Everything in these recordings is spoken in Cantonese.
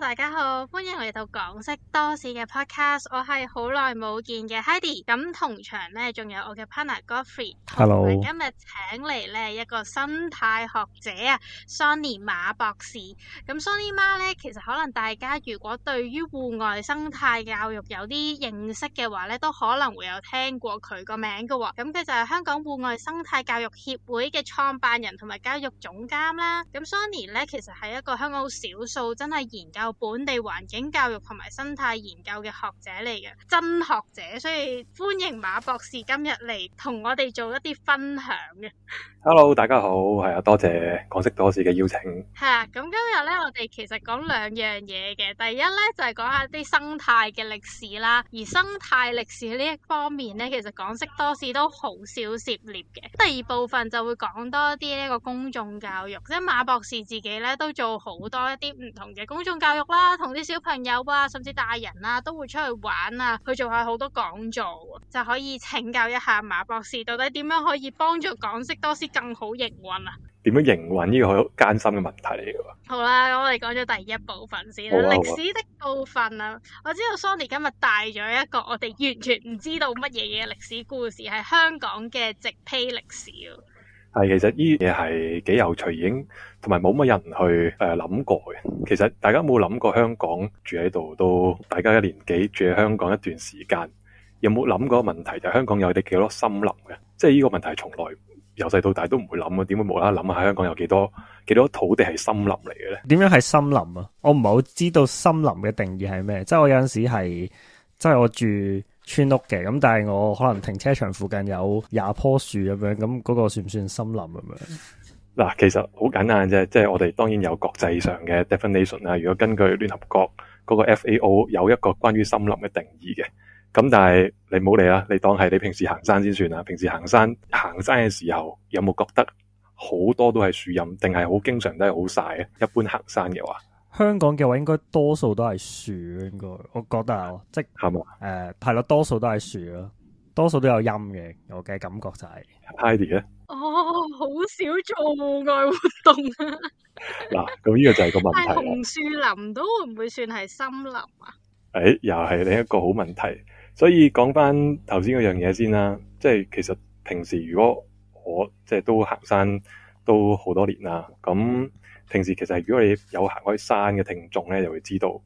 大家好，歡迎嚟到港識多史嘅 podcast，我係好耐冇見嘅 Haidee，咁同場呢仲有我嘅 partner Godfrey，Hello，今日請嚟呢一個生態學者啊 Hello.，Xoni 馬博士。咁 Xoni 馬呢，其實可能大家如果對於戶外生態教育有啲認識嘅話呢，都可能會有聽過佢個名㗎喎、哦。咁佢就係香港戶外生態教育協會嘅創辦人同埋教育總監啦。咁 Xoni 呢，其實係一個香港好少數真係研究。本地環境教育同埋生態研究嘅學者嚟嘅真學者，所以歡迎馬博士今日嚟同我哋做一啲分享嘅。Hello，大家好，係啊，多謝港式多士嘅邀請。係啊，咁今日咧，我哋其實講兩樣嘢嘅。第一咧就係、是、講下啲生態嘅歷史啦，而生態歷史呢一方面咧，其實港式多士都好少涉獵嘅。第二部分就會講多啲呢個公眾教育，即、就、係、是、馬博士自己咧都做好多一啲唔同嘅公眾教育。啦，同啲小朋友啊，甚至大人啊，都會出去玩啊，去做下好多講座，就可以請教一下馬博士，到底點樣可以幫助港識多史更好營運啊？點樣營運呢個好艱辛嘅問題嚟嘅。好啦，我哋講咗第一部分先，啦，歷史的部分啊。我知道 Xoni 今日帶咗一個我哋完全唔知道乜嘢嘢歷史故事，係香港嘅植披歷史。係，其實呢嘢係幾有趣，已經同埋冇乜人去誒諗、呃、過嘅。其實大家冇諗過香港住喺度，都大家一年幾住喺香港一段時間，有冇諗過個問題？就香港有啲幾多森林嘅？即係呢個問題從，從來由細到大都唔會諗嘅。點會冇啦啦諗下喺香港有幾多幾多土地係森林嚟嘅咧？點樣係森林啊？我唔係好知道森林嘅定義係咩。即係我有陣時係，即係我住。村屋嘅咁，但係我可能停車場附近有廿棵樹咁樣，咁嗰個算唔算森林咁樣？嗱，其實好簡單啫，即係我哋當然有國際上嘅 definition 啊。如果根據聯合國嗰個 FAO 有一個關於森林嘅定義嘅，咁但係你冇理啦，你當係你平時行山先算啦。平時行山行山嘅時候，有冇覺得好多都係樹蔭，定係好經常都係好曬嘅？一般行山嘅話。香港嘅話應該多數都係樹，應該我覺得即係誒係咯，多數都係樹咯，多數都有陰嘅，我嘅感覺就係、是。Haidee 咧呢，哦，好少做戶外活動 啊。嗱，咁呢個就係個問題。紅樹林都會唔會算係森林啊？誒、欸，又係另一個好問題。所以講翻頭先嗰樣嘢先啦，即係其實平時如果我即係都行山都好多年啦，咁。平時其實係，如果你有行開山嘅聽眾咧，就會知道，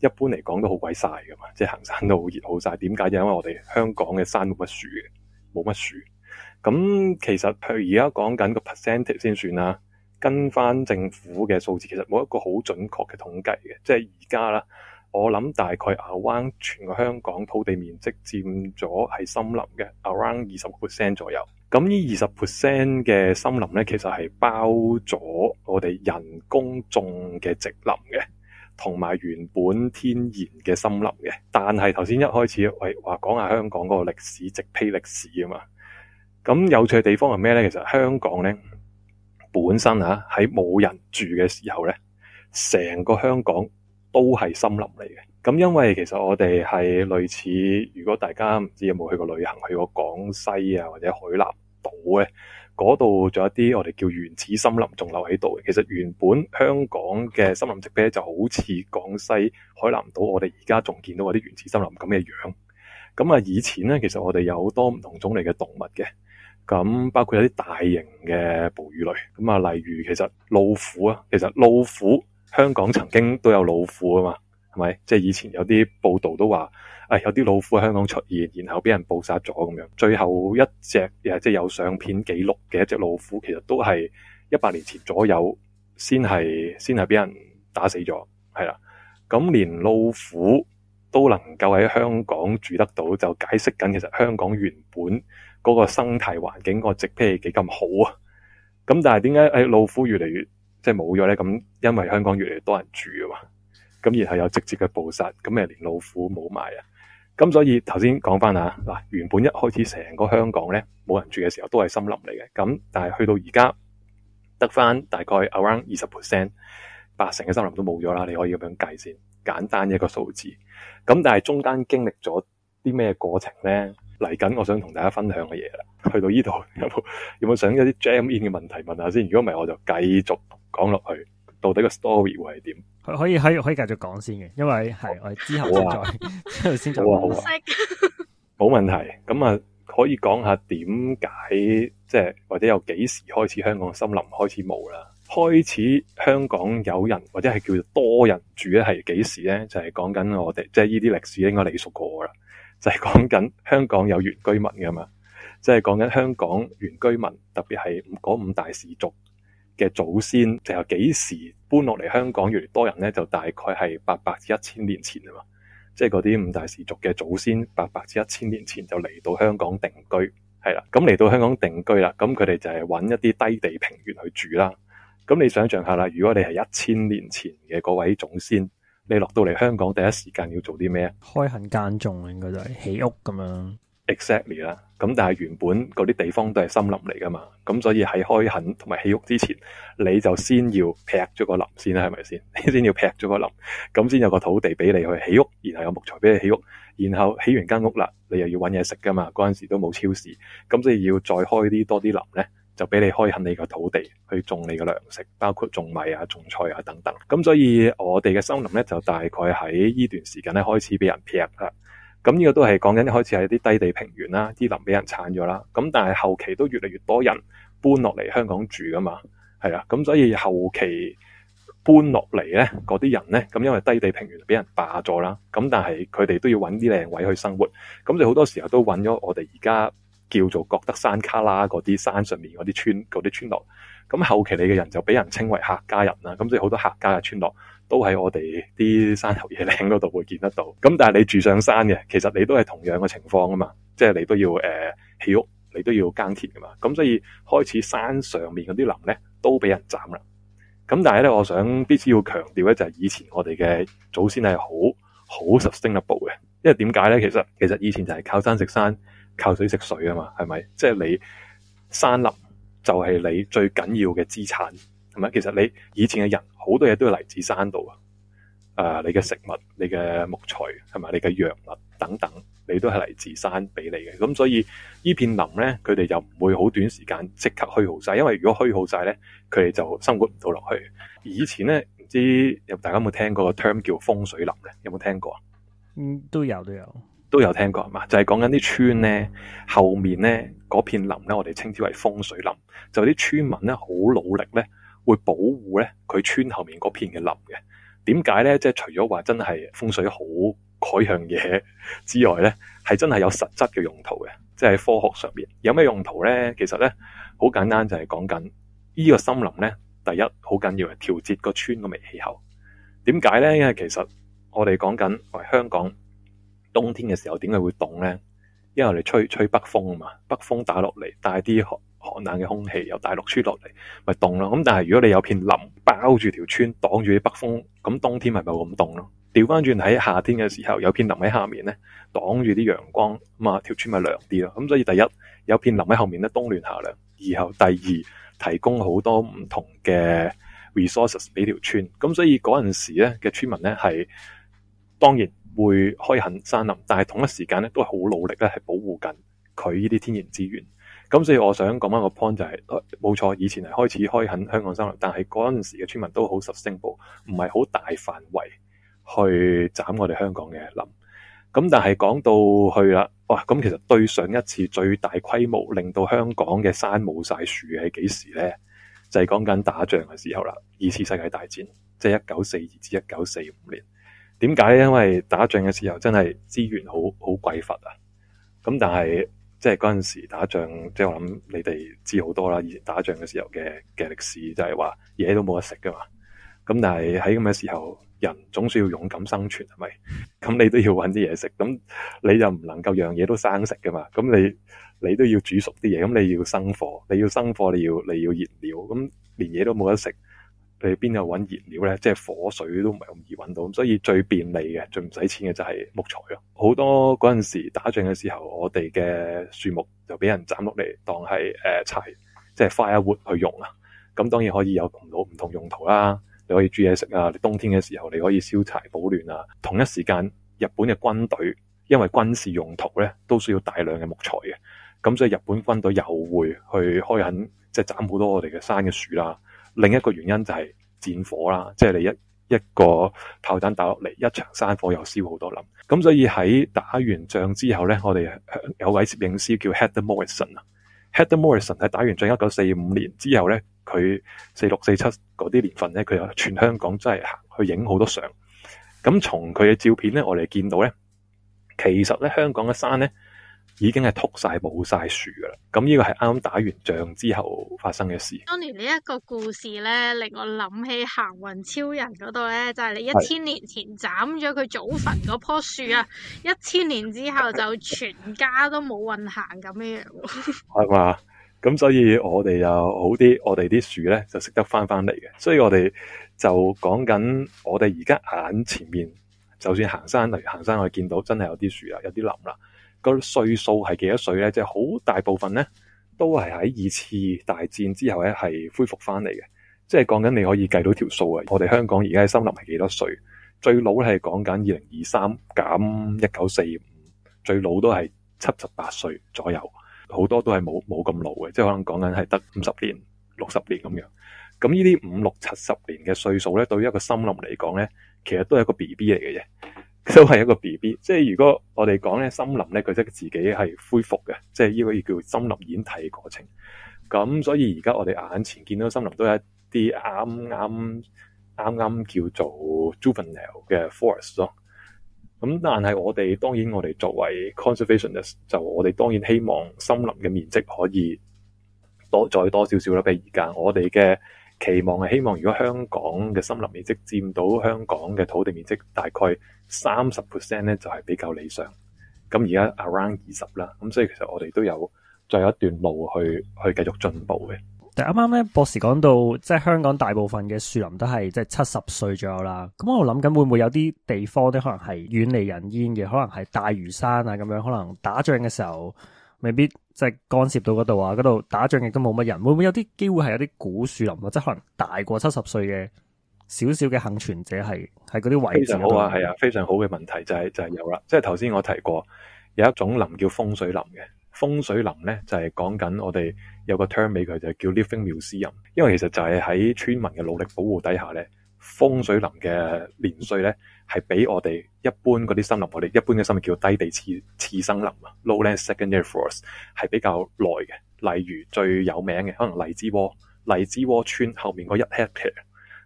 一般嚟講都好鬼晒㗎嘛，即係行山都好熱好晒，點解？就因為我哋香港嘅山冇乜樹嘅，冇乜樹。咁其實譬如而家講緊個 percentage 先算啦，跟翻政府嘅數字，其實冇一個好準確嘅統計嘅。即係而家啦，我諗大概 around 全個香港土地面積佔咗係森林嘅 around 二十個 percent 左右。咁呢二十 percent 嘅森林咧，其實係包咗我哋人工種嘅植林嘅，同埋原本天然嘅森林嘅。但係頭先一開始，喂，話講下香港嗰個歷史，植披歷史啊嘛。咁有趣嘅地方係咩咧？其實香港咧本身啊喺冇人住嘅時候咧，成個香港都係森林嚟嘅。咁因為其實我哋係類似，如果大家唔知有冇去過旅行，去過廣西啊或者海南。島嘅嗰度仲有啲我哋叫原始森林仲留喺度，其實原本香港嘅森林植被就好似廣西海南島我哋而家仲見到嗰啲原始森林咁嘅樣。咁啊以前咧，其實我哋有好多唔同種類嘅動物嘅，咁包括有啲大型嘅哺乳類。咁啊例如其實老虎，其實老虎啊，其實老虎香港曾經都有老虎啊嘛。係咪？即係以前有啲報道都話，誒、哎、有啲老虎喺香港出現，然後俾人捕殺咗咁樣。最後一隻誒，即係有相片記錄嘅一隻老虎，其實都係一百年前左右先係先係俾人打死咗，係啦。咁連老虎都能夠喺香港住得到，就解釋緊其實香港原本嗰個生態環境個植披幾咁好啊。咁但係點解誒老虎越嚟越即係冇咗咧？咁因為香港越嚟越多人住啊嘛。咁而係有直接嘅捕殺，咁誒，連老虎冇埋啊！咁所以頭先講翻啊，嗱原本一開始成個香港咧冇人住嘅時候都係森林嚟嘅，咁但係去到而家得翻大概 around 二十 percent，八成嘅森林都冇咗啦。你可以咁樣計先，簡單一個數字。咁但係中間經歷咗啲咩過程咧？嚟緊我想同大家分享嘅嘢啦，去到呢度有冇有冇想一啲 jam in 嘅問題問下先？如果唔係，我就繼續講落去，到底個 story 會係點？佢可以可以可以繼續講先嘅，因為係、哦、我哋之後再，啊、之後先再。 好啊、好啊、冇問題。咁啊，可以講下點解即係或者又幾時開始香港森林開始冇啦？開始香港有人或者係叫做多人住咧，係幾時咧？就係講緊我哋即係呢啲歷史應該你熟過啦。就係講緊香港有原居民噶嘛，即係講緊香港原居民，特別係嗰五大氏族。嘅祖先就有幾時搬落嚟香港，越嚟越多人咧？就大概係八百至一千年前啊嘛，即係嗰啲五大氏族嘅祖先八百至一千年前就嚟到香港定居，係啦。咁嚟到香港定居啦，咁佢哋就係揾一啲低地平原去住啦。咁你想象下啦，如果你係一千年前嘅嗰位祖先，你落到嚟香港第一時間要做啲咩啊？開墾耕種啊，應該就係起屋咁樣。Exactly 啊。咁但係原本嗰啲地方都係森林嚟噶嘛，咁所以喺開墾同埋起屋之前，你就先要劈咗個林先啦，係咪先？ 你先要劈咗個林，咁先有個土地俾你去起屋，然後有木材俾你起屋，然後起完間屋啦，你又要揾嘢食噶嘛，嗰陣時都冇超市，咁所以要再開啲多啲林呢，就俾你開墾你個土地，去種你嘅糧食，包括種米啊、種菜啊等等。咁所以我哋嘅森林呢，就大概喺呢段時間呢開始俾人劈啦。咁呢個都係講緊一開始係啲低地平原啦，啲林俾人剷咗啦。咁但係後期都越嚟越多人搬落嚟香港住噶嘛，係啦。咁所以後期搬落嚟咧，嗰啲人咧，咁因為低地平原俾人霸咗啦。咁但係佢哋都要揾啲靚位去生活。咁你好多時候都揾咗我哋而家叫做覺得山卡罅嗰啲山上面嗰啲村嗰啲村落。咁後期你嘅人就俾人稱為客家人啦。咁即係好多客家嘅村落。都喺我哋啲山頭野嶺嗰度會見得到，咁但係你住上山嘅，其實你都係同樣嘅情況啊嘛，即係你都要誒、呃、起屋，你都要耕田噶嘛，咁所以開始山上面嗰啲林咧都俾人斬啦。咁但係咧，我想必須要強調咧，就係以前我哋嘅祖先係好好 sustainable 嘅，因為點解咧？其實其實以前就係靠山食山，靠水食水啊嘛，係咪？即係你山林就係你最緊要嘅資產。係咪？其實你以前嘅人好多嘢都嚟自山度啊。誒、呃，你嘅食物、你嘅木材，係咪？你嘅藥物等等，你都係嚟自山俾你嘅。咁所以呢片林咧，佢哋就唔會好短時間即刻虛耗晒。因為如果虛耗晒咧，佢哋就生活唔到落去。以前咧，唔知有大家有冇聽過個 term 叫風水林嘅？有冇聽過？嗯，都有都有都有聽過係嘛。就係講緊啲村咧後面咧嗰片林咧，我哋稱之為風水林，就啲、是、村民咧好努力咧。會保護咧佢村後面嗰片嘅林嘅，點解咧？即係除咗話真係風水好嗰樣嘢之外咧，係真係有實質嘅用途嘅，即係科學上面有咩用途咧？其實咧好簡單就講講，就係講緊呢個森林咧，第一好緊要係調節個村個微氣候。點解咧？因為其實我哋講緊，喂，香港冬天嘅時候點解會凍咧？因為你吹吹北風啊嘛，北風打落嚟帶啲寒冷嘅空氣由大陸吹落嚟，咪凍咯。咁但係如果你有片林包住條村，擋住啲北風，咁冬天係咪咁凍咯？調翻轉喺夏天嘅時候，有片林喺下面咧，擋住啲陽光，咁啊條村咪涼啲咯。咁所以第一有片林喺後面咧，冬暖夏涼；，然後第二提供好多唔同嘅 resources 俾條村。咁所以嗰陣時咧嘅村民咧係當然會開墾山林，但係同一時間咧都係好努力咧係保護緊佢呢啲天然資源。咁所以我想講翻個 point 就係、是、冇錯，以前係開始開墾香港森林，但係嗰陣時嘅村民都好實聲報，唔係好大範圍去斬我哋香港嘅林。咁但係講到去啦，哇！咁其實對上一次最大規模令到香港嘅山冇晒樹係幾時咧？就係講緊打仗嘅時候啦，二次世界大戰，即係一九四二至一九四五年。點解？因為打仗嘅時候真係資源好好匱乏啊！咁但係即係嗰陣時打仗，即係我諗你哋知好多啦。以前打仗嘅時候嘅嘅歷史就，就係話嘢都冇得食㗎嘛。咁但係喺咁嘅時候，人總需要勇敢生存係咪？咁你都要搵啲嘢食，咁你就唔能夠樣嘢都生食㗎嘛。咁你你都要煮熟啲嘢，咁你要生火，你要生火，你要你要燃料，咁連嘢都冇得食。你邊度揾燃料咧？即係火水都唔係咁易揾到，咁所以最便利嘅、最唔使錢嘅就係木材咯。好多嗰陣時打仗嘅時候，我哋嘅樹木就俾人斬落嚟當係誒柴，即係 firewood 去用啦。咁當然可以有唔同唔同用途啦。你可以煮嘢食啊，你冬天嘅時候你可以燒柴保暖啊。同一時間，日本嘅軍隊因為軍事用途咧，都需要大量嘅木材嘅，咁所以日本軍隊又會去開墾，即係斬好多我哋嘅山嘅樹啦、啊。另一個原因就係戰火啦，即係你一一個炮彈打落嚟，一場山火又燒好多林咁，所以喺打完仗之後咧，我哋有位攝影師叫 Hedda Morrison 啊，Hedda Morrison 喺打完仗一九四五年之後咧，佢四六四七嗰啲年份咧，佢又全香港真係行去影好多相。咁從佢嘅照片咧，我哋見到咧，其實咧香港嘅山咧。已經係禿晒、冇晒樹噶啦，咁呢個係啱啱打完仗之後發生嘅事。當年呢一個故事咧，令我諗起行運超人嗰度咧，就係、是、你一千年前斬咗佢祖墳嗰棵樹啊， 一千年之後就全家都冇運行咁嘅樣。係嘛， 咁所以我哋又好啲，我哋啲樹咧就識得翻翻嚟嘅。所以我哋就講緊我哋而家眼前面，就算行山例如行山，我見到真係有啲樹啊，有啲林啦。個歲數係幾多歲咧？即係好大部分咧，都係喺二次大戰之後咧，係恢復翻嚟嘅。即係講緊你可以計到條數啊！我哋香港而家嘅森林係幾多歲？最老係講緊二零二三減一九四五，最老都係七十八歲左右。好多都係冇冇咁老嘅，即係可能講緊係得五十年、六十年咁樣。咁呢啲五六七十年嘅歲數咧，對於一個森林嚟講咧，其實都係一個 BB 嚟嘅啫。都係一個 BB，即係如果我哋講咧，森林咧，佢即係自己係恢復嘅，即係呢個要叫森林演替嘅過程。咁所以而家我哋眼前見到森林都係一啲啱啱啱啱叫做 juvenile 嘅 forest 咯。咁但係我哋當然我哋作為 conservationist 就我哋當然希望森林嘅面積可以多再多少少啦。譬如而家我哋嘅期望係希望，如果香港嘅森林面積佔到香港嘅土地面積大概。三十 percent 咧就係比較理想，咁而家 around 二十啦，咁所以其實我哋都有再有一段路去去繼續進步嘅。但啱啱咧博士講到，即係香港大部分嘅樹林都係即係七十歲左右啦。咁我諗緊會唔會有啲地方咧，可能係遠離人煙嘅，可能係大嶼山啊咁樣，可能打仗嘅時候未必即係干涉到嗰度啊，嗰度打仗亦都冇乜人，會唔會有啲機會係有啲古樹林啊？即係可能大過七十歲嘅？少少嘅幸存者，係係嗰啲位非常好啊，係啊，非常好嘅問題就係、係、就係、係、有啦。即係頭先我提過有一種林叫風水林嘅，風水林咧，就係講緊我哋有個 term 俾佢就係叫 living museum，因為其實就係喺村民嘅努力保護底下咧，風水林嘅年歲咧係比我哋一般嗰啲森林，我哋一般嘅森林叫低地次次生林啊 （lowland secondary forest） 係比較耐嘅。例如最有名嘅可能荔枝窩，荔枝窩村後面嗰一 hectare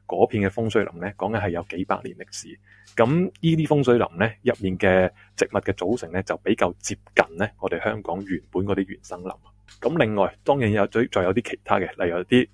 嗰片嘅風水林咧，講緊係有幾百年歷史。咁呢啲風水林咧，入面嘅植物嘅組成咧，就比較接近咧我哋香港原本嗰啲原生林。咁另外，當然有再再有啲其他嘅，例如有啲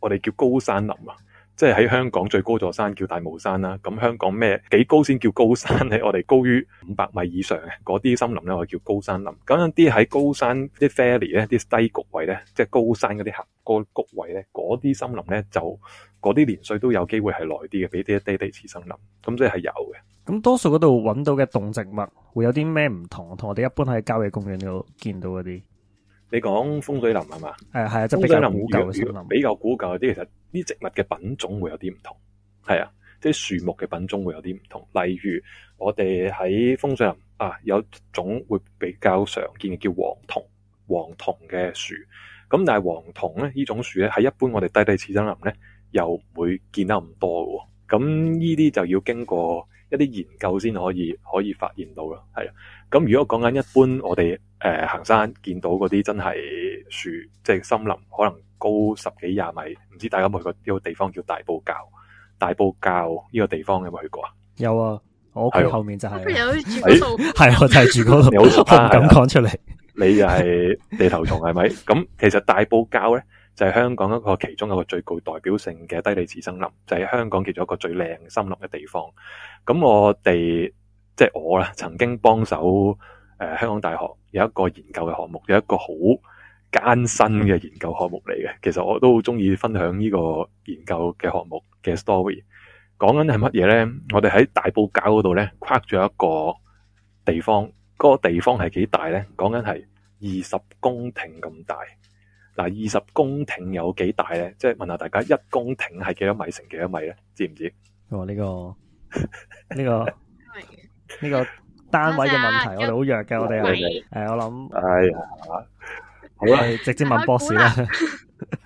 我哋叫高山林啊，即係喺香港最高座山叫大帽山啦。咁香港咩幾高先叫高山咧？我哋高於五百米以上嘅嗰啲森林咧，我哋叫高山林。咁有啲喺高山啲 ferry 咧，啲低谷位咧，即係高山嗰啲峽嗰谷位咧，嗰啲森林咧就。嗰啲年歲都有機會係耐啲嘅，比啲一低地次生林咁，即係有嘅。咁多數嗰度揾到嘅動植物會有啲咩唔同？同我哋一般喺郊野公園度見到嗰啲，你講風水林係嘛？誒，係啊，即係比較古舊嘅森林，比較古舊啲。其實啲植物嘅品種會有啲唔同，係啊，即係樹木嘅品種會有啲唔同。例如我哋喺風水林啊，有種會比較常見嘅叫黃桐，黃桐嘅樹咁。但係黃桐咧，種樹呢種樹咧，喺一般我哋低地次生林咧。又唔會見得咁多嘅，咁呢啲就要經過一啲研究先可以可以發現到啦，係啊，咁如果講緊一般我哋誒、呃、行山見到嗰啲真係樹，即、就、係、是、森林可能高十幾廿米，唔知大家有冇去過呢個地方叫大埔滘？大埔滘呢、這個地方有冇去過啊？有啊，我佢後面就係，係我就係住嗰度，我唔敢講出嚟。你又係地頭蟲係咪？咁 其實大埔滘咧。就係香港一個其中一個最具代表性嘅低地次森林，就係、是、香港其中一個最靚森林嘅地方。咁我哋即係我啦，曾經幫手誒、呃、香港大學有一個研究嘅項目，有一個好艱辛嘅研究項目嚟嘅。其實我都好鍾意分享呢個研究嘅項目嘅 story。講緊係乜嘢咧？我哋喺大埔滘嗰度咧，框咗一個地方。嗰、那個地方係幾大咧？講緊係二十公頃咁大。嗱，二十公頃有幾大咧？即係問下大家，一公頃係幾多米乘幾多米咧？知唔知？我呢、哦，這個呢個呢個單位嘅問題， 我哋好弱嘅，我哋係誒，我諗係，哎、呀好啦，直接問博士啦。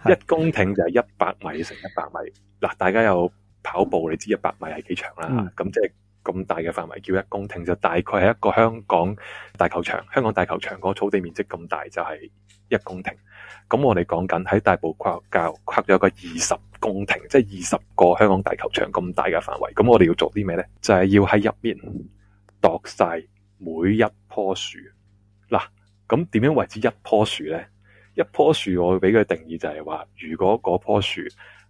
一公頃就係一百米乘一百米。嗱， 大家有跑步，你知一百米係幾長啦？咁、嗯、即係。咁大嘅範圍叫一公頃，就大概係一個香港大球場。香港大球場嗰草地面積咁大，就係、是、一公頃。咁我哋講緊喺大埔跨教跨咗個二十公頃，即係二十個香港大球場咁大嘅範圍。咁我哋要做啲咩呢？就係、是、要喺入面度晒每一棵樹。嗱，咁點樣為之一棵樹呢？一棵樹我俾佢定義就係話，如果嗰棵樹。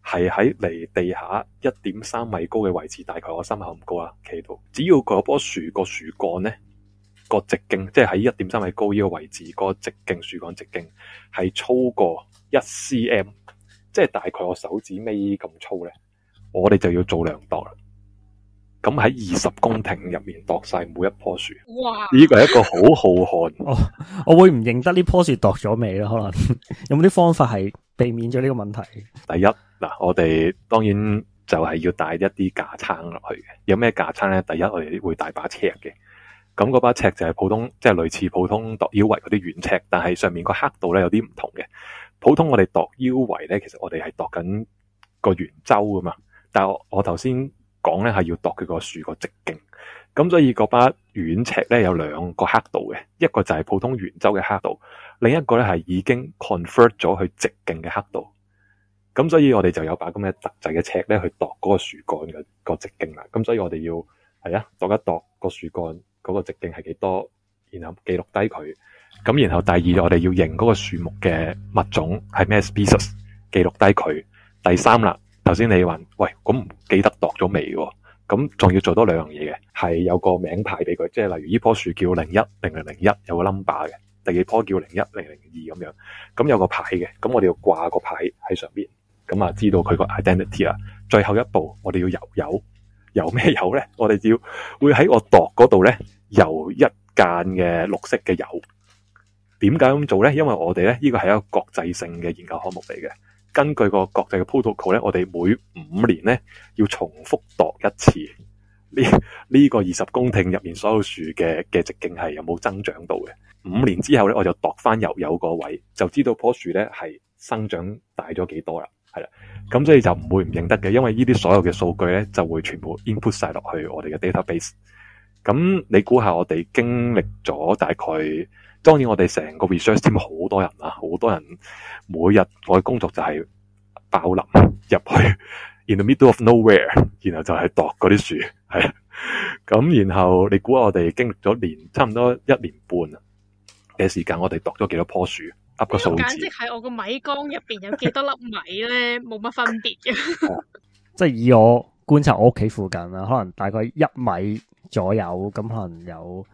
係喺離地下一點三米高嘅位置，大概我心口咁高啊，企到。只要嗰棵樹、個樹幹咧個直徑，即係喺一點三米高呢個位置、個直徑樹幹直徑係粗過一 c m，即係大概我手指尾咁粗咧。我哋就要做量度啦。咁喺二十公頃入面度晒每一棵樹。哇！呢個係一個好浩瀚、哦。我會唔認得呢棵樹度咗未啦？可能有冇啲方法係避免咗呢個問題？ 第一。嗱，我哋當然就係要帶一啲架撐落去嘅。有咩架撐咧？第一我哋會帶把尺嘅。咁嗰把尺就係普通，即係類似普通度腰圍嗰啲軟尺，但係上面個刻度咧有啲唔同嘅。普通我哋度腰圍咧，其實我哋係度緊個圓周噶嘛。但係我我頭先講咧係要度佢個樹個直徑。咁所以嗰把軟尺咧有兩個刻度嘅，一個就係普通圓周嘅刻度，另一個咧係已經 convert 咗佢直徑嘅刻度。咁所以，我哋就有把咁嘅特製嘅尺咧，去度嗰個樹幹嘅個直徑啦。咁所以我哋要係啊度一度，個樹幹嗰個直徑係幾多，然後記錄低佢。咁然後第二，我哋要認嗰個樹木嘅物種係咩 species，記錄低佢。第三啦，頭先你話喂，咁唔記得度咗未喎？咁仲要做多兩樣嘢嘅，係有個名牌俾佢，即係例如呢棵樹叫零一零零零一，有個 number 嘅；第二棵叫零一零零二咁樣。咁有個牌嘅。咁我哋要掛個牌喺上邊。咁啊，知道佢個 identity 啦。最後一步我要呢，我哋要油油，油咩油咧？我哋要會喺我度嗰度咧，油一間嘅綠色嘅油。點解咁做咧？因為我哋咧呢個係一個國際性嘅研究項目嚟嘅。根據個國際嘅 protocol 咧，我哋每五年咧要重複度一次呢呢、呢個二十公頃入面所有樹嘅嘅直徑係有冇增長到嘅。五年之後咧，我就度翻油油個位，就知道樖樹咧係生長大咗幾多啦。係啦，咁所以就唔會唔認得嘅，因為呢啲所有嘅數據咧就會全部 input 晒落去我哋嘅 database。咁你估下我哋經歷咗大概，當然我哋成個 research team 好多人啦，好多人每日我嘅工作就係爆林入去 in the middle of nowhere，然後就係度嗰啲樹，係。咁然後你估下我哋經歷咗年差唔多一年半嘅時間，我哋度咗幾多棵樹？呢個簡直係我個米缸入邊有幾多粒米咧，冇乜 分別嘅 即係以我觀察我屋企附近啦，可能大概一米左右，咁可能有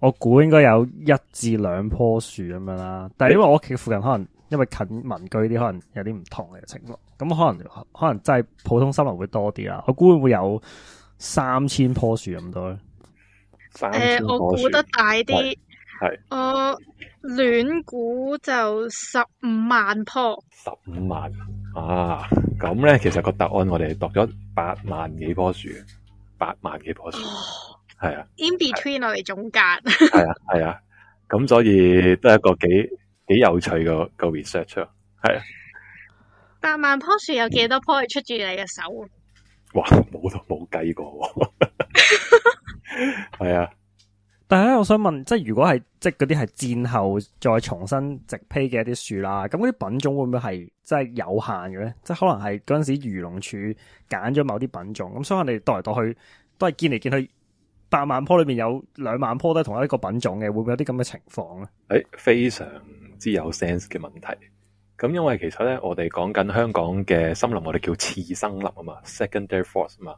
我估應該有一至兩棵樹咁樣啦。但係因為我屋企附近可能因為近民居啲，可能有啲唔同嘅情況，咁可能可能真係普通森林會多啲啦。我估會有三千棵樹咁多。誒、呃，我估得大啲。嗯我亂估就十五萬棵，十五萬啊！咁咧，其實個答案我哋度咗八萬幾棵樹，八萬幾棵樹，係、oh, 啊。In between，我哋中間係啊，係 啊。咁、啊啊、所以都係一個幾幾有趣個個 research 係、er, 啊。八萬棵樹有幾多棵係出住你嘅手？哇，冇都冇計過，係啊。但係咧，我想問，即係如果係即係嗰啲係戰後再重新植批嘅一啲樹啦，咁嗰啲品種會唔會係真係有限嘅咧？即係可能係嗰陣時漁農署揀咗某啲品種，咁、嗯、所以我哋度嚟度去都係見嚟見去，百萬棵裏邊有兩萬棵都係同一個品種嘅，會唔會有啲咁嘅情況咧？誒、哎，非常之有 sense 嘅問題。咁因為其實咧，我哋講緊香港嘅森林，我哋叫次生林啊嘛，secondary forest 嘛，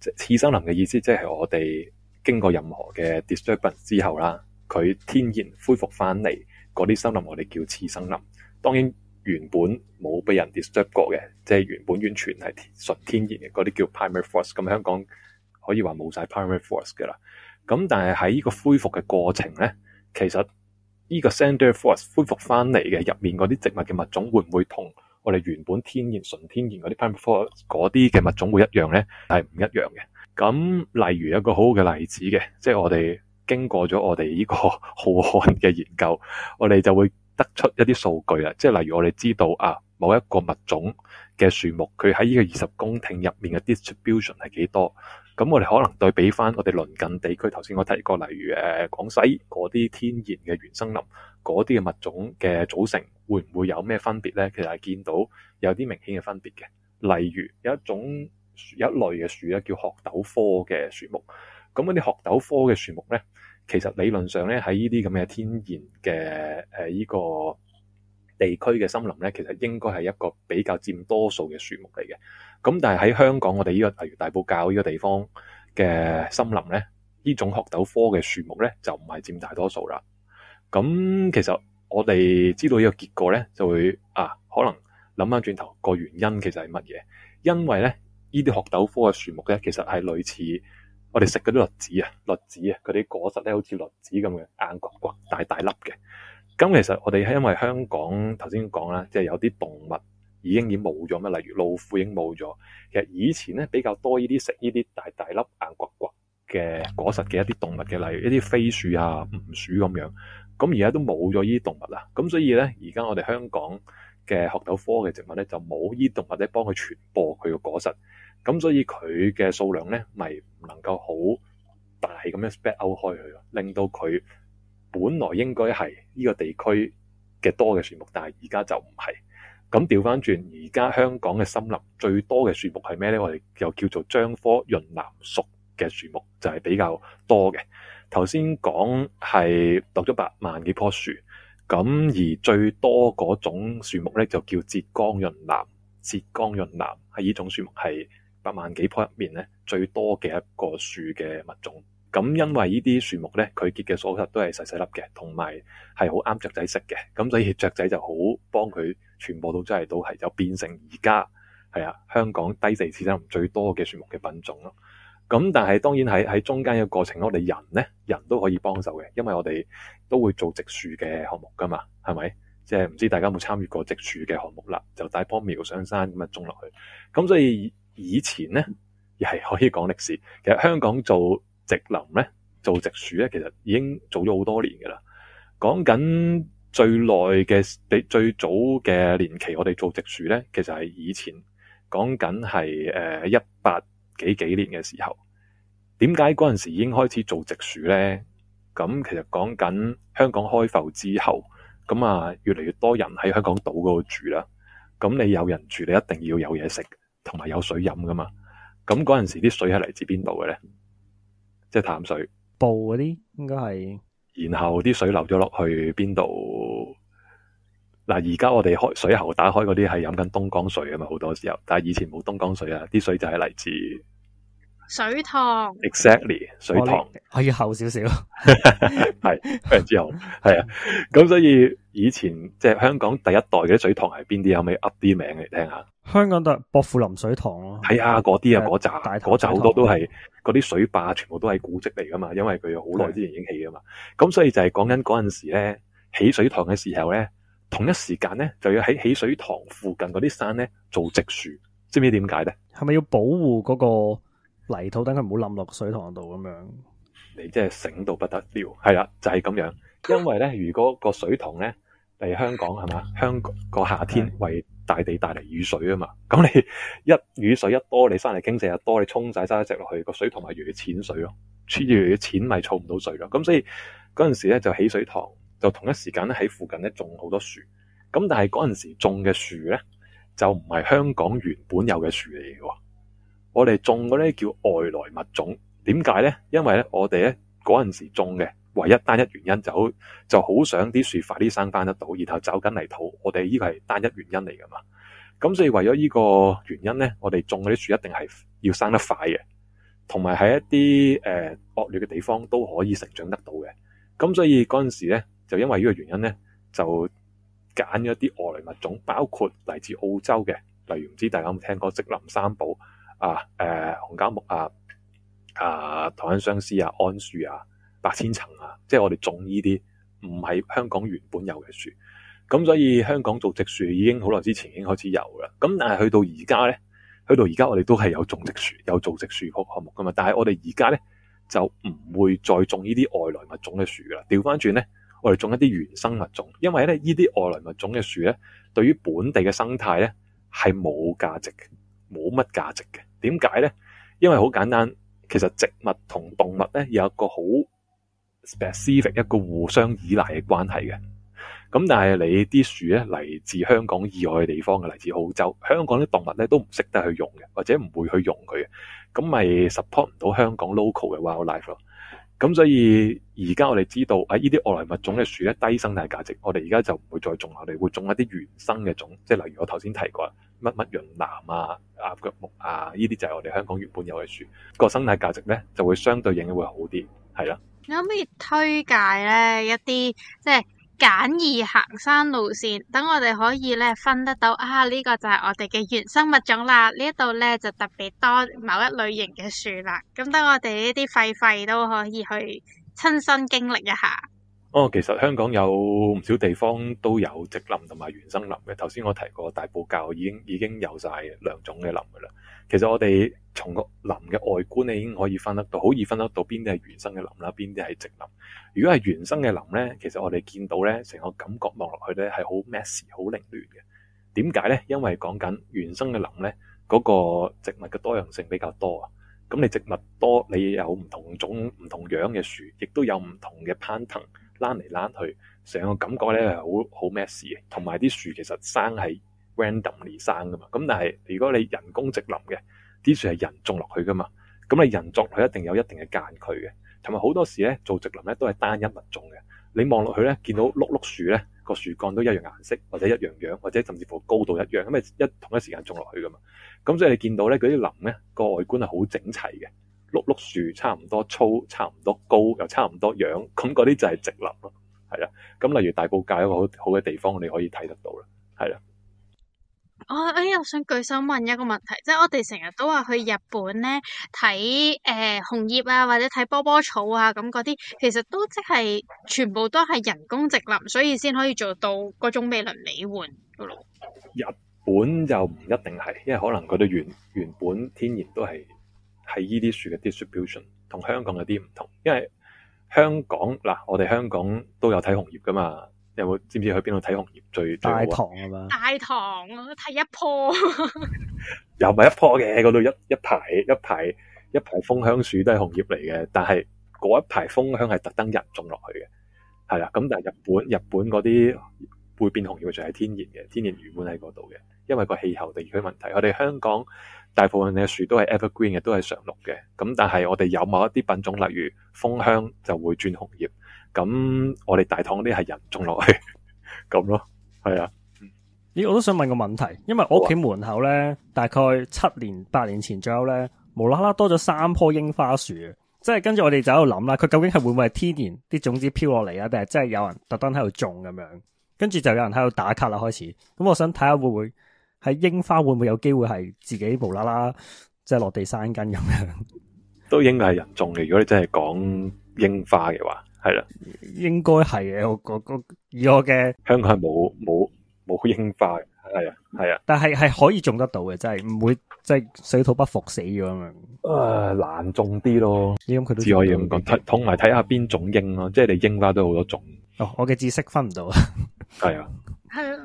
即係次生林嘅意思，即係我哋。經過任何嘅 disturb 之後啦，佢天然恢復翻嚟嗰啲森林，我哋叫次生林。當然原本冇俾人 disturb 過嘅，即係原本完全係純天然嘅嗰啲叫 primary f o r c e s。咁香港可以話冇晒 primary forest c 噶啦。咁但係喺呢個恢復嘅過程咧，其實呢個 s e c n d a r y f o r c e 恢復翻嚟嘅入面嗰啲植物嘅物種會唔會同我哋原本天然純天然嗰啲 primary f o r c e 嗰啲嘅物種會一樣咧？係唔一樣嘅。咁，例如一個好好嘅例子嘅，即係我哋經過咗我哋呢個浩瀚嘅研究，我哋就會得出一啲數據啦。即係例如我哋知道啊，某一個物種嘅樹木，佢喺呢個二十公頃入面嘅 distribution 係幾多？咁我哋可能對比翻我哋鄰近地區，頭先我提過，例如誒、呃、廣西嗰啲天然嘅原生林，嗰啲嘅物種嘅組成會唔會有咩分別咧？其實係見到有啲明顯嘅分別嘅，例如有一種，一類嘅樹咧，叫殼斗科嘅樹木。咁嗰啲殼斗科嘅樹木咧，其實理論上咧喺呢啲咁嘅天然嘅誒，呢、呃這個地區嘅森林咧，其實應該係一個比較佔多數嘅樹木嚟嘅。咁但係喺香港，我哋呢、這個例如大埔滘呢個地方嘅森林咧，呢種殼斗科嘅樹木咧就唔係佔大多數啦。咁其實我哋知道呢個結果咧，就會啊，可能諗返轉頭個原因其實係乜嘢？因為咧。呢啲學豆科嘅樹木咧，其實係類似我哋食嗰啲栗子啊、栗子啊，啲果實咧，好似栗子咁嘅硬骨骨、大大粒嘅。咁其實我哋係因為香港頭先講啦，即係、就是、有啲動物已經已經冇咗咩，例如老虎已經冇咗。其實以前咧比較多呢啲食呢啲大大粒硬骨骨嘅果實嘅一啲動物嘅，例如一啲飛鼠啊、鼯鼠咁樣。咁而家都冇咗呢啲動物啦。咁所以咧，而家我哋香港嘅學豆科嘅植物咧，就冇依動物咧幫佢傳播佢嘅果實，咁所以佢嘅數量咧，咪唔能夠好大咁樣 spread out 開，佢令到佢本來應該係呢個地區嘅多嘅樹木，但係而家就唔係。咁調翻轉，而家香港嘅森林最多嘅樹木係咩咧？我哋又叫做樟科潤楠屬嘅樹木，就係、是、比較多嘅。頭先講係度咗百萬幾棵樹。咁而最多嗰種樹木咧，就叫浙江潤楠。浙江潤楠係呢種樹木係八萬幾棵入面咧，最多嘅一個樹嘅物種。咁、嗯、因為樹呢啲樹木咧，佢結嘅果實都係細細粒嘅，同埋係好啱雀仔食嘅。咁所以雀仔就好幫佢傳播到真嚟，到係就有變成而家係啊香港低地次生最多嘅樹木嘅品種咯。咁但係當然喺喺中間嘅過程我哋人咧人都可以幫手嘅，因為我哋都會做植樹嘅項目噶嘛，係咪？即係唔知大家有冇參與過植樹嘅項目啦？就帶棵苗上山咁啊種落去。咁所以以前咧，亦係可以講歷史。其實香港做植林咧，做植樹咧，其實已經做咗好多年噶啦。講緊最耐嘅，最最早嘅年期，我哋做植樹咧，其實係以前。講緊係誒一八。Uh, 幾幾年嘅時候，點解嗰陣時已經開始做植樹呢？咁其實講緊香港開埠之後，咁啊越嚟越多人喺香港島嗰度住啦。咁你有人住，你一定要有嘢食同埋有水飲噶嘛。咁嗰陣時啲水係嚟自邊度嘅呢？即係淡水。布嗰啲應該係。然後啲水流咗落去邊度？嗱，而家我哋開水喉打開嗰啲係飲緊東江水啊嘛，好多時候，但係以前冇東江水啊，啲水就係嚟自水塘，exactly 水塘。可以厚少少，係非常之厚，係 啊。咁所以以前即係、就是、香港第一代嘅水塘係邊啲有咩唔可以噏啲名嚟聽下？香港都係薄扶林水塘咯，係啊，嗰啲啊，嗰扎嗰扎好多都係嗰啲水壩，全部都係古蹟嚟噶嘛，因為佢好耐之前已經起噶嘛。咁對所以就係講緊嗰陣時咧，起水塘嘅時候咧。同一時間咧，就要喺起水塘附近嗰啲山咧做植樹，知唔知點解咧？係咪要保護嗰個泥土，等佢唔好冧落水塘度咁樣？你真係醒到不得了，係啦，就係、是、咁樣。因為咧，如果個水塘咧，係香港係嘛？香港個夏天為大地帶嚟雨水啊嘛。咁的你一雨水一多，你山嚟傾斜又多，你沖晒晒一直落去，個水塘咪越，越淺水咯。越嚟越淺，咪儲唔到水咯。咁所以嗰陣時咧，就起水塘。就同一時間咧，喺附近咧種好多樹。咁但係嗰陣時種嘅樹咧，就唔係香港原本有嘅樹嚟嘅。我哋種嗰啲叫外來物種。點解咧？因為咧，我哋咧嗰陣時種嘅唯一單一原因就好就好想啲樹快啲生返得到，然後走緊泥土。我哋呢個係單一原因嚟㗎嘛。咁所以為咗呢個原因咧，我哋種嗰啲樹一定係要生得快嘅，同埋喺一啲誒、呃、惡劣嘅地方都可以成長得到嘅。咁所以嗰陣時咧。就因為呢個原因咧，就揀咗啲外來物種，包括嚟自澳洲嘅，例如唔知大家有冇聽過植林三寶啊，誒紅膠木啊，啊台灣相思啊、桉樹啊、白千層啊，即係我哋種呢啲唔係香港原本有嘅樹。咁所以香港做植樹已經好耐之前已經開始有啦。咁但係去到而家咧，去到而家我哋都係有種植樹，有做植樹樖項目噶嘛。但係我哋而家咧就唔會再種呢啲外來物種嘅樹啦。調翻轉咧。我哋種一啲原生物種，因為咧呢啲外來物種嘅樹咧，對於本地嘅生態咧係冇價值嘅，冇乜價值嘅。點解咧？因為好簡單，其實植物同動物咧有一個好 specific 一個互相依賴嘅關係嘅。咁但係你啲樹咧嚟自香港以外嘅地方嘅，嚟自澳洲，香港啲動物咧都唔識得去用嘅，或者唔會去用佢嘅。咁咪 support 唔到香港 local 嘅 wildlife 咯。咁所以而家我哋知道啊，呢啲外來物種嘅樹咧低生態價值，我哋而家就唔會再種，我哋會種一啲原生嘅種，即係例如我頭先提過乜乜潤楠啊、鴨腳木啊，呢、啊、啲、啊、就係我哋香港原本有嘅樹，個生態價值咧就會相對應會好啲，係啦。有咩推介咧？一啲即係。即係簡易行山路線，等我哋可以咧分得到啊！呢、這個就係我哋嘅原生物種啦，呢度咧就特別多某一類型嘅樹啦，咁等我哋呢啲廢廢都可以去親身經歷一下。哦，其實香港有唔少地方都有植林同埋原生林嘅，頭先我提過大埔滘已經已經有晒兩種嘅林噶啦。其實我哋從個林嘅外觀，你已經可以分得到，好易分得到邊啲係原生嘅林啦，邊啲係植林。如果係原生嘅林咧，其實我哋見到咧，成個感覺望落去咧係好 mess、好凌亂嘅。點解咧？因為講緊原生嘅林咧，嗰個植物嘅多樣性比較多啊。咁你植物多，你有唔同種、唔同樣嘅樹，亦都有唔同嘅攀藤，攤嚟攤去，成個感覺咧係好好 mess 嘅。同埋啲樹其實生喺 random 嚟生噶嘛？咁但係如果你人工植林嘅啲樹係人種落去噶嘛？咁你人種佢一定有一定嘅間距嘅，同埋好多時咧做植林咧都係單一物種嘅。你望落去咧見到碌碌樹咧個樹幹都一樣顏色，或者一樣樣，或者甚至乎高度一樣，咁咪一同一時間種落去噶嘛？咁所以你見到咧嗰啲林咧個外觀係好整齊嘅，碌碌樹差唔多粗，差唔多高，又差唔多樣，咁嗰啲就係植林咯，係啦。咁例如大埔滘一個好好嘅地方，你可以睇得到啦，係啦。我誒、哎，我想舉手問一個問題，即係我哋成日都話去日本咧睇誒紅葉啊，或者睇波波草啊咁嗰啲，其實都即係全部都係人工植林，所以先可以做到嗰種美輪美奐嘅咯。日本就唔一定係，因為可能佢哋原原本天然都係喺呢啲樹嘅 distribution，同香港有啲唔同，因為香港嗱，我哋香港都有睇紅葉噶嘛。有冇知唔知去邊度睇紅葉最？大棠啊嘛，大棠啊，睇一棵，又唔係一棵嘅，嗰度一一排一排一排楓香樹都係紅葉嚟嘅，但係嗰一排楓香係特登人種落去嘅，係啦。咁但係日本日本嗰啲會變紅葉就係天然嘅，天然原本喺嗰度嘅，因為個氣候地區問題。我哋香港大部分嘅樹都係 evergreen 嘅，都係常綠嘅。咁但係我哋有某一啲品種，例如楓香就會轉紅葉。咁我哋大堂嗰啲係人種落去，咁 咯，係啊。咦，我都想問個問題，因為我屋企門口咧，大概七年、八年前左右咧，無啦啦多咗三棵櫻花樹，即係跟住我哋就喺度諗啦，佢究竟係會唔會係天然啲種子飄落嚟啊，定係即係有人特登喺度種咁樣？跟住就有人喺度打卡啦，開始。咁我想睇下會唔會喺櫻花會唔會有機會係自己無啦啦，即係落地生根咁樣？都應該係人種嘅，如果你真係講櫻花嘅話。係啦，啊、應該係嘅。我我我以我嘅香港係冇冇冇櫻花嘅，係啊係啊。啊但係，係可以種得到嘅，真係唔會即係水土不服死咗咁樣。啊、嗯，難種啲咯。咁佢都只可以咁講，同埋睇下邊種櫻咯。即係你櫻花都好多種。哦，我嘅知識分唔到啊。係 啊，係。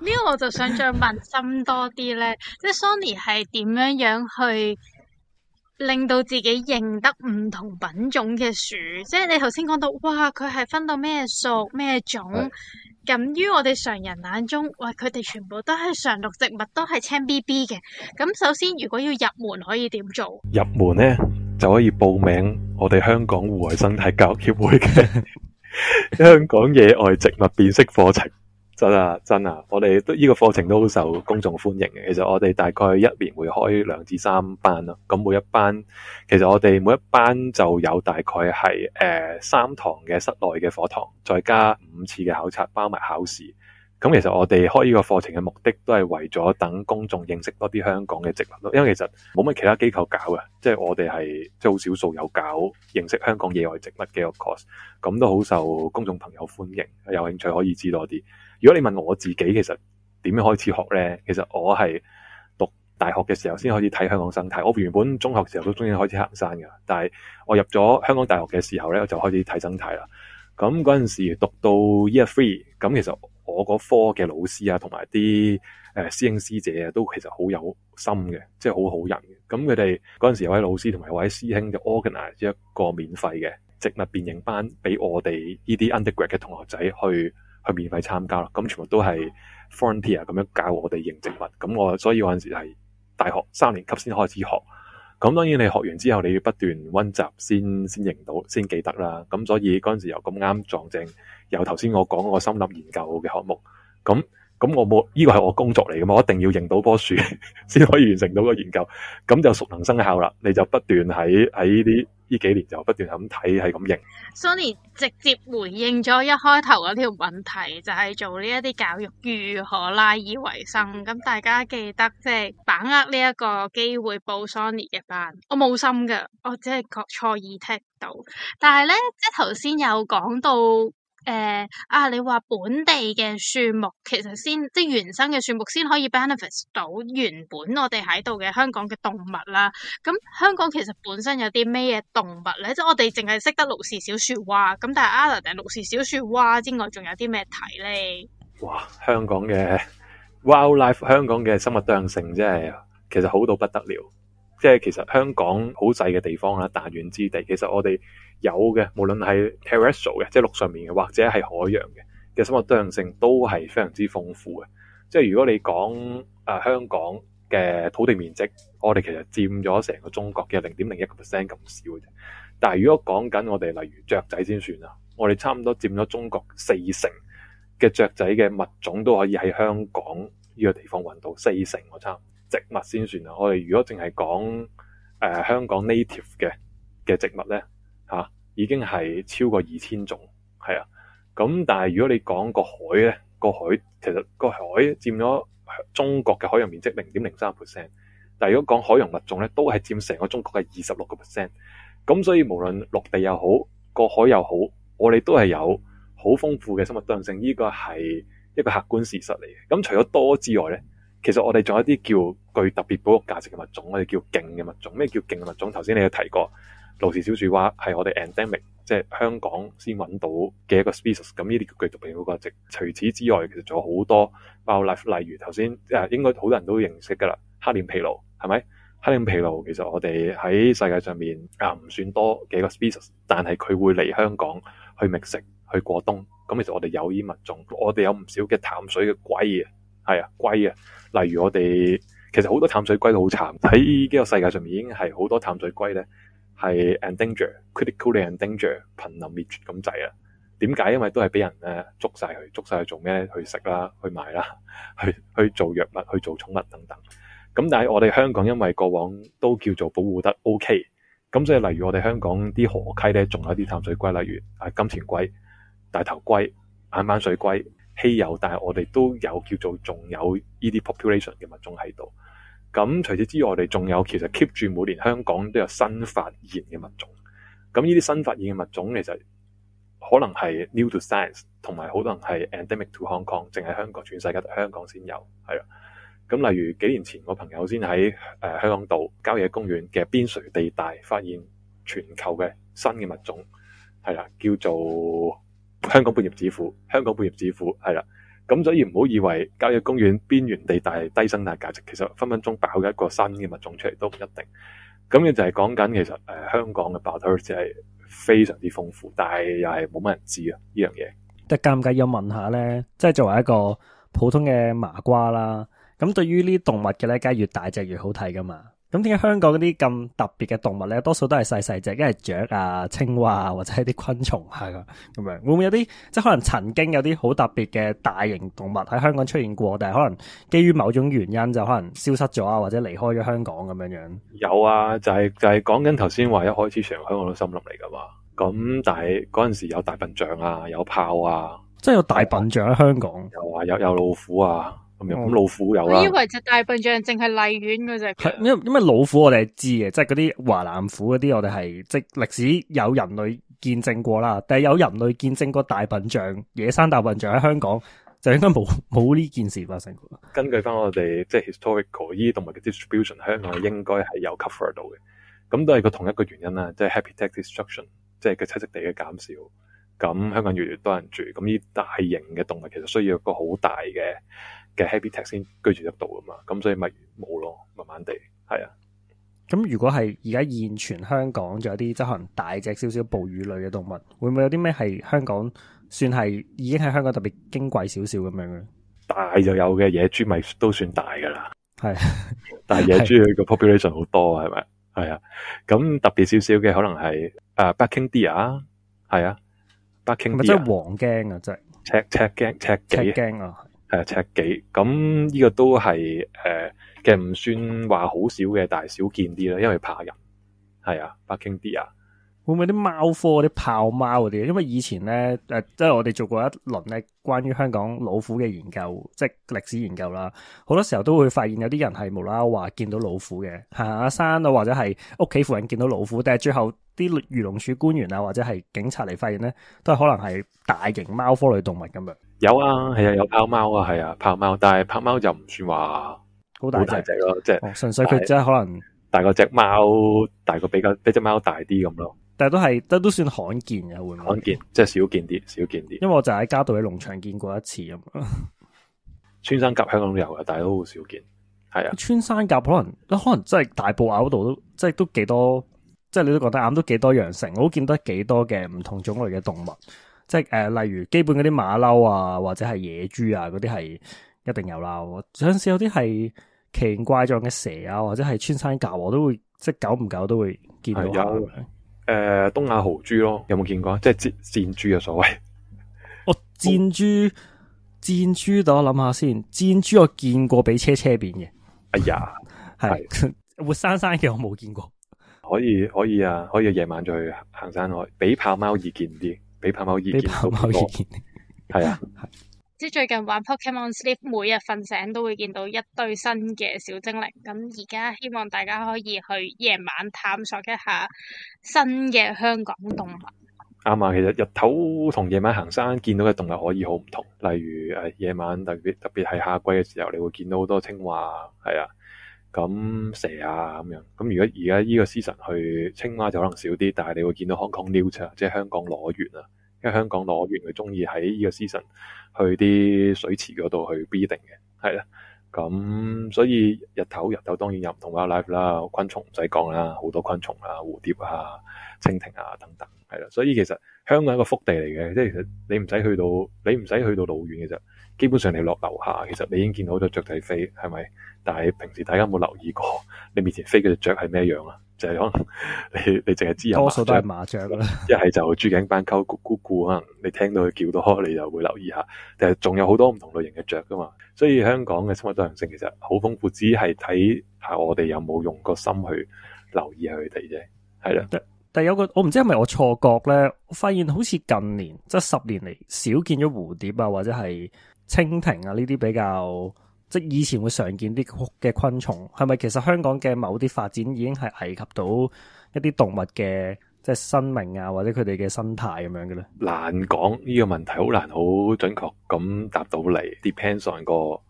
呢個我就想再問深多啲咧，即係 Xoni 係點樣樣去？令到自己認得唔同品種嘅樹，即係你頭先講到，哇，佢係分到咩屬咩種。咁於是我哋常人眼中，喂，佢哋全部都係常綠植物，都係青 B B 嘅。咁首先，如果要入門可以點做？入門呢，就可以報名我哋香港戶外生態教育協會嘅 香港野外植物辨識課程。真啊，真啊！我哋都呢、這個課程都好受公眾歡迎嘅。其實我哋大概一年會開兩至三班咯。咁每一班，其實我哋每一班就有大概係誒、呃、三堂嘅室內嘅課堂，再加五次嘅考察，包埋考試。咁其實我哋開呢個課程嘅目的，都係為咗等公眾認識多啲香港嘅植物咯。因為其實冇乜其他機構搞嘅，即係我哋係即係好少數有搞認識香港野外植物嘅一個 course，咁都好受公眾朋友歡迎。有興趣可以知多啲。如果你問我自己，其實點樣開始學咧？其實我係讀大學嘅時候先開始睇香港生態。我原本中學時候都鍾意開始行山㗎，但係我入咗香港大學嘅時候咧，我就開始睇生態啦。咁嗰陣時讀到 Year Three，咁其實我嗰科嘅老師啊，同埋啲誒師兄師姐啊，都其實好有心嘅，即係好好人。咁佢哋嗰陣時有位老師同埋有位師兄就 organize 一個免費嘅植物辨認班俾我哋呢啲 undergraduate 嘅同學仔去。去免費參加啦，咁全部都係 Frontier 咁樣教我哋認植物，咁我所以嗰陣時係大學三年級先開始學，咁當然你學完之後你要不斷温習先先認到，先記得啦。咁所以嗰陣時又咁啱撞正，由頭先我講我心諗研究嘅項目，咁咁我冇呢個係我工作嚟嘅嘛，我一定要認到棵樹先可以完成到個研究，咁就熟能生巧啦。你就不斷喺喺呢啲。呢幾年就不斷咁睇，係咁認。Xoni 直接回應咗一開頭嗰條問題，就係、是、做呢一啲教育如何賴以為生。咁大家記得即係、就是、把握呢一個機會報 Xoni 嘅班。我冇心㗎，我只係覺錯意聽到。但係咧，即係頭先有講到。誒、uh, 啊！你話本地嘅樹木其實先即係原生嘅樹木先可以 benefit 到原本我哋喺度嘅香港嘅動物啦。咁、嗯、香港其實本身有啲咩嘢動物咧？即係我哋淨係識得盧氏小樹蛙咁，但係啊定盧氏小樹蛙之外，仲有啲咩睇咧？哇！香港嘅 wildlife，香港嘅生物多樣性真係其實好到不得了。即係其實香港好細嘅地方啦，彈丸之地，其實我哋。有嘅，無論係 terrestrial 嘅，即係陸上面嘅，或者係海洋嘅嘅生物多樣性都係非常之豐富嘅。即係如果你講誒、呃、香港嘅土地面積，我哋其實佔咗成個中國嘅零點零一個 percent 咁少嘅啫。但係如果講緊我哋例如雀仔先算啦，我哋差唔多佔咗中國四成嘅雀仔嘅物種都可以喺香港呢個地方揾到四成我多。我差、呃、植物先算啦，我哋如果淨係講誒香港 native 嘅嘅植物咧。吓、啊，已經係超過二千種，係啊。咁但係如果你講個海咧，個海，海其實個海佔咗中國嘅海洋面積零點零三 percent。但係如果講海洋物種咧，都係佔成個中國嘅二十六個 percent。咁所以無論陸地又好，個海又好，我哋都係有好豐富嘅生物多樣性。呢個係一個客觀事實嚟嘅。咁除咗多之外咧，其實我哋仲有啲叫具特別保護價值嘅物種，我哋叫勁嘅物種。咩叫勁嘅物種？頭先你有提過。盧氏小樹蛙係我哋 endemic，即係香港先搵到嘅一個 species。咁呢啲叫做特別嘅價值。除此之外，其實仲有好多 bio life，例如頭先誒，應該好多人都認識噶啦，黑臉琵鷺係咪？黑臉琵鷺其實我哋喺世界上面啊，唔算多幾個 species，但係佢會嚟香港去覓食、去過冬。咁其實我哋有依民種，我哋有唔少嘅淡水嘅龜啊，係啊，龜啊，例如我哋其實好多淡水龜都好慘，喺呢個世界上面已經係好多淡水龜咧。係 endanger，critically endanger，瀕臨滅絕咁滯啊。點解？因為都係俾人咧捉晒佢，捉晒佢做咩？去食啦，去買啦，去去做藥物，去做寵物等等。咁但係我哋香港因為過往都叫做保護得 OK，咁所以例如我哋香港啲河溪咧，仲有啲淡水龜，例如啊金錢龜、大頭龜、眼斑水龜，稀有，但係我哋都有叫做仲有呢啲 population 嘅物種喺度。咁除此之外，我哋仲有其實 keep 住每年香港都有新發現嘅物種。咁呢啲新發現嘅物種其實可能係 new to science，同埋可能係 endemic to Hong Kong，淨係香港、全世界香港先有。係啦。咁例如幾年前我朋友先喺誒、呃、香港島郊野公園嘅邊陲地帶發現全球嘅新嘅物種，係啦，叫做香港半葉趾虎。香港半葉趾虎係啦。咁所以唔好以為郊野公園邊緣地帶低生態價值，其實分分鐘爆嘅一個新嘅物種出嚟都唔一定。咁嘅就係講緊其實誒香港嘅 butter 真係非常之豐富，但係又係冇乜人知啊，呢樣嘢。即係尷尬要問下咧，即係作為一個普通嘅麻瓜啦。咁對於呢啲動物嘅咧，梗係越大隻越好睇噶嘛。咁點解香港嗰啲咁特別嘅動物咧，多數都係細細隻，一係雀啊、青蛙啊，或者係啲昆蟲係啊，咁樣會唔會有啲，即係可能曾經有啲好特別嘅大型動物喺香港出現過，但係可能基於某種原因就可能消失咗啊，或者離開咗香港咁樣樣？有啊，就係、係、就係講緊頭先話一開始成部香港都森林嚟噶嘛，咁但係嗰陣時有大笨象啊，有豹啊，即係有大笨象喺、啊、香港，有啊，有有老虎啊。咁老虎有啦。我以為就大笨象淨係荔園嗰隻。因因為老虎我哋係知嘅，即係嗰啲華南虎嗰啲，我哋係即歷史有人類見證過啦。但係有人類見證過大笨象、野生大笨象喺香港就應該冇冇呢件事發生過。根據翻我哋即係、就是、historical 依啲動物嘅 distribution，香港應該係有 cover 到嘅。咁都係個同一個原因啦，即係 habitat destruction，即係個棲息地嘅減少。咁香港越嚟越多人住，咁呢大型嘅動物其實需要一個好大嘅。嘅 habitat 先居住得到啊嘛，咁所以咪冇咯，慢慢地係啊。咁如果係而家現存香港仲有啲即係可能大隻少少哺乳類嘅動物，會唔會有啲咩係香港算係已經喺香港特別矜貴少少咁樣嘅？大就有嘅野豬咪都算大噶啦，係。但係野豬佢個 population 好多係咪？係啊。咁特別少少嘅可能係誒、uh, barking deer，係啊。barking deer 咪即係黃驚啊真係，赤驚赤驚赤驚啊。係尺幾咁呢個都係誒、呃，其實唔算話好少嘅，但係少見啲啦，因為怕人係啊，北京啲啊。會唔會啲貓科啲豹貓嗰啲因為以前咧誒、即、呃、係、就是、我哋做過一輪咧，關於香港老虎嘅研究，即係歷史研究啦。好多時候都會發現有啲人係無啦啦話見到老虎嘅，行下山啊，或者係屋企附近見到老虎，但係最後啲漁農署官員啊，或者係警察嚟發現咧，都係可能係大型貓科類動物咁樣。有啊，係啊，有豹貓啊，係啊，豹貓，但係豹貓就唔算話好大隻咯，即係純粹佢只可能大過隻貓，大過比較比隻貓大啲咁咯。但係都係都都算罕見嘅，會唔會？會罕見即係少見啲，少見啲。因為我就喺加道，喺農場見過一次啊嘛。穿山甲香港都有嘅，但係都好少見。係啊，穿山甲可能都可能真係大埔滘嗰度都即係都幾多，即係你都覺得啱都幾多樣性，我都見得幾多嘅唔同種類嘅動物。即係誒、呃，例如基本嗰啲馬騮啊，或者係野豬啊，嗰啲係一定有啦。我有陣時有啲係奇形怪狀嘅蛇啊，或者係穿山甲，我都會即係久唔久都會見到。誒，東亞、呃、豪豬咯，有冇見過？即係箭箭豬啊，所謂。哦、我箭豬，箭豬，等我諗下先。箭豬我見過俾車車扁嘅。哎呀，係活生生嘅我冇見過。可以可以，可以啊，可以夜晚再去行山去，俾豹貓，貓易見啲。俾朋友意見，好冇意見，係啊！即 最近玩 Pokemon Sleep，每日瞓醒都會見到一堆新嘅小精靈。咁而家希望大家可以去夜晚探索一下新嘅香港動物。啱啊、 嗯！其實日頭同夜晚行山見到嘅動物可以好唔同。例如誒、呃，夜晚特別特別係夏季嘅時候，你會見到好多青蛙。係啊！咁、嗯、蛇啊咁樣，咁如果而家依個 season 去青蛙就可能少啲，但係你會見到 Hong Kong newt 即係香港瘰螈啊，因為香港瘰螈佢中意喺依個 season 去啲水池嗰度去 breeding 嘅，係啦。咁所以日頭日頭當然有唔同嘅 life 啦，昆蟲唔使講啦，好多昆蟲啊、蝴蝶啊、蜻蜓啊等等，係啦。所以其實香港係一個福地嚟嘅，即係其實你唔使去到你唔使去到老遠嘅啫。基本上你落樓下，其實你已經見到好多雀仔飛，係咪？但係平時大家有冇留意過你面前飛嘅雀係咩樣啊？就係、是、可能你你淨係知有多數都係麻雀㗎啦，一係就豬頸斑鳩咕咕咕，可能你聽到佢叫多，你就會留意下。但係仲有好多唔同類型嘅雀噶嘛，所以香港嘅生物多樣性其實好豐富，只係睇下我哋有冇用個心去留意下佢哋啫。係啦，但但有個我唔知係咪我錯覺咧，我發現好似近年即係十年嚟少見咗蝴蝶啊，或者係。蜻蜓啊，呢啲比較即係以前會常見啲嘅昆蟲，係咪其實香港嘅某啲發展已經係危及到一啲動物嘅即係生命啊，或者佢哋嘅生態咁樣嘅咧？難講呢、呢個問題好難好準確咁答到嚟，depends on 個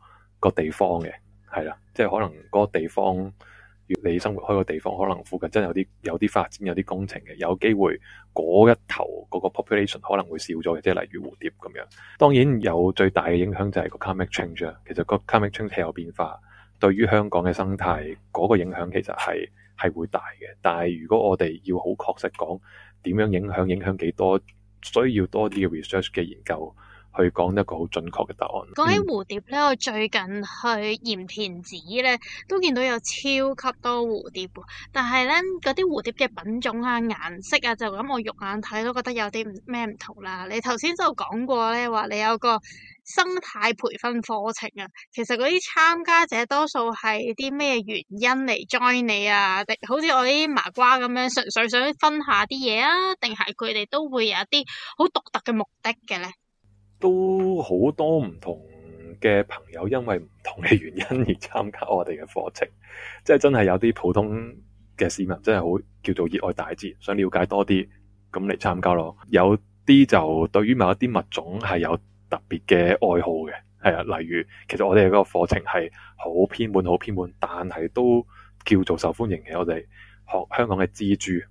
個地方嘅，係啦，即係可能嗰個地方。你生活開個地方，可能附近真係有啲有啲發展，有啲工程嘅有機會嗰一頭嗰個 population 可能會少咗嘅，即係例如蝴蝶咁樣。當然有最大嘅影響就係個 climate change 啊。其實個 climate change 有變化，對於香港嘅生態嗰個影響其實係係會大嘅。但係如果我哋要好確實講點樣影響，影響幾多，需要多啲嘅 research 嘅研究。去講一個好準確嘅答案。講起、嗯、蝴蝶咧，我最近去鹽田梓咧都見到有超級多蝴蝶喎。但係咧，嗰啲蝴蝶嘅品種啊、顏色啊，就咁我肉眼睇都覺得有啲咩唔同啦、啊。你頭先就講過咧話你有個生態培訓課程啊，其實嗰啲參加者多數係啲咩原因嚟 join 你啊？好似我啲麻瓜咁樣，純粹想分一下啲嘢啊？定係佢哋都會有一啲好獨特嘅目的嘅咧？都好多唔同嘅朋友，因為唔同嘅原因而參加我哋嘅課程，即係真係有啲普通嘅市民，真係好叫做熱愛大自然，想了解多啲，咁嚟參加咯。有啲就對於某一啲物種係有特別嘅愛好嘅，係啊，例如其實我哋嗰個課程係好偏門，好偏門，但係都叫做受歡迎嘅。我哋學香港嘅蜘蛛，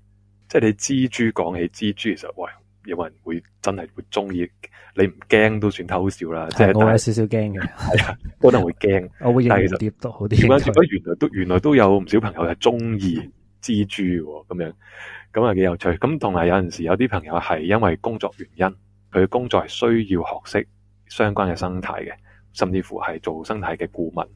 即係你蜘蛛，講起蜘蛛，其實喂。有人真會真係會中意，你唔驚都算偷笑啦。即係我有少少驚嘅，係啊，可能會驚。我會認得啲多好啲。點解？因為原來都原來都有唔少朋友係中意蜘蛛咁樣，咁啊幾有趣。咁同埋有陣時有啲朋友係因為工作原因，佢嘅工作係需要學識相關嘅生態嘅，甚至乎係做生態嘅顧問。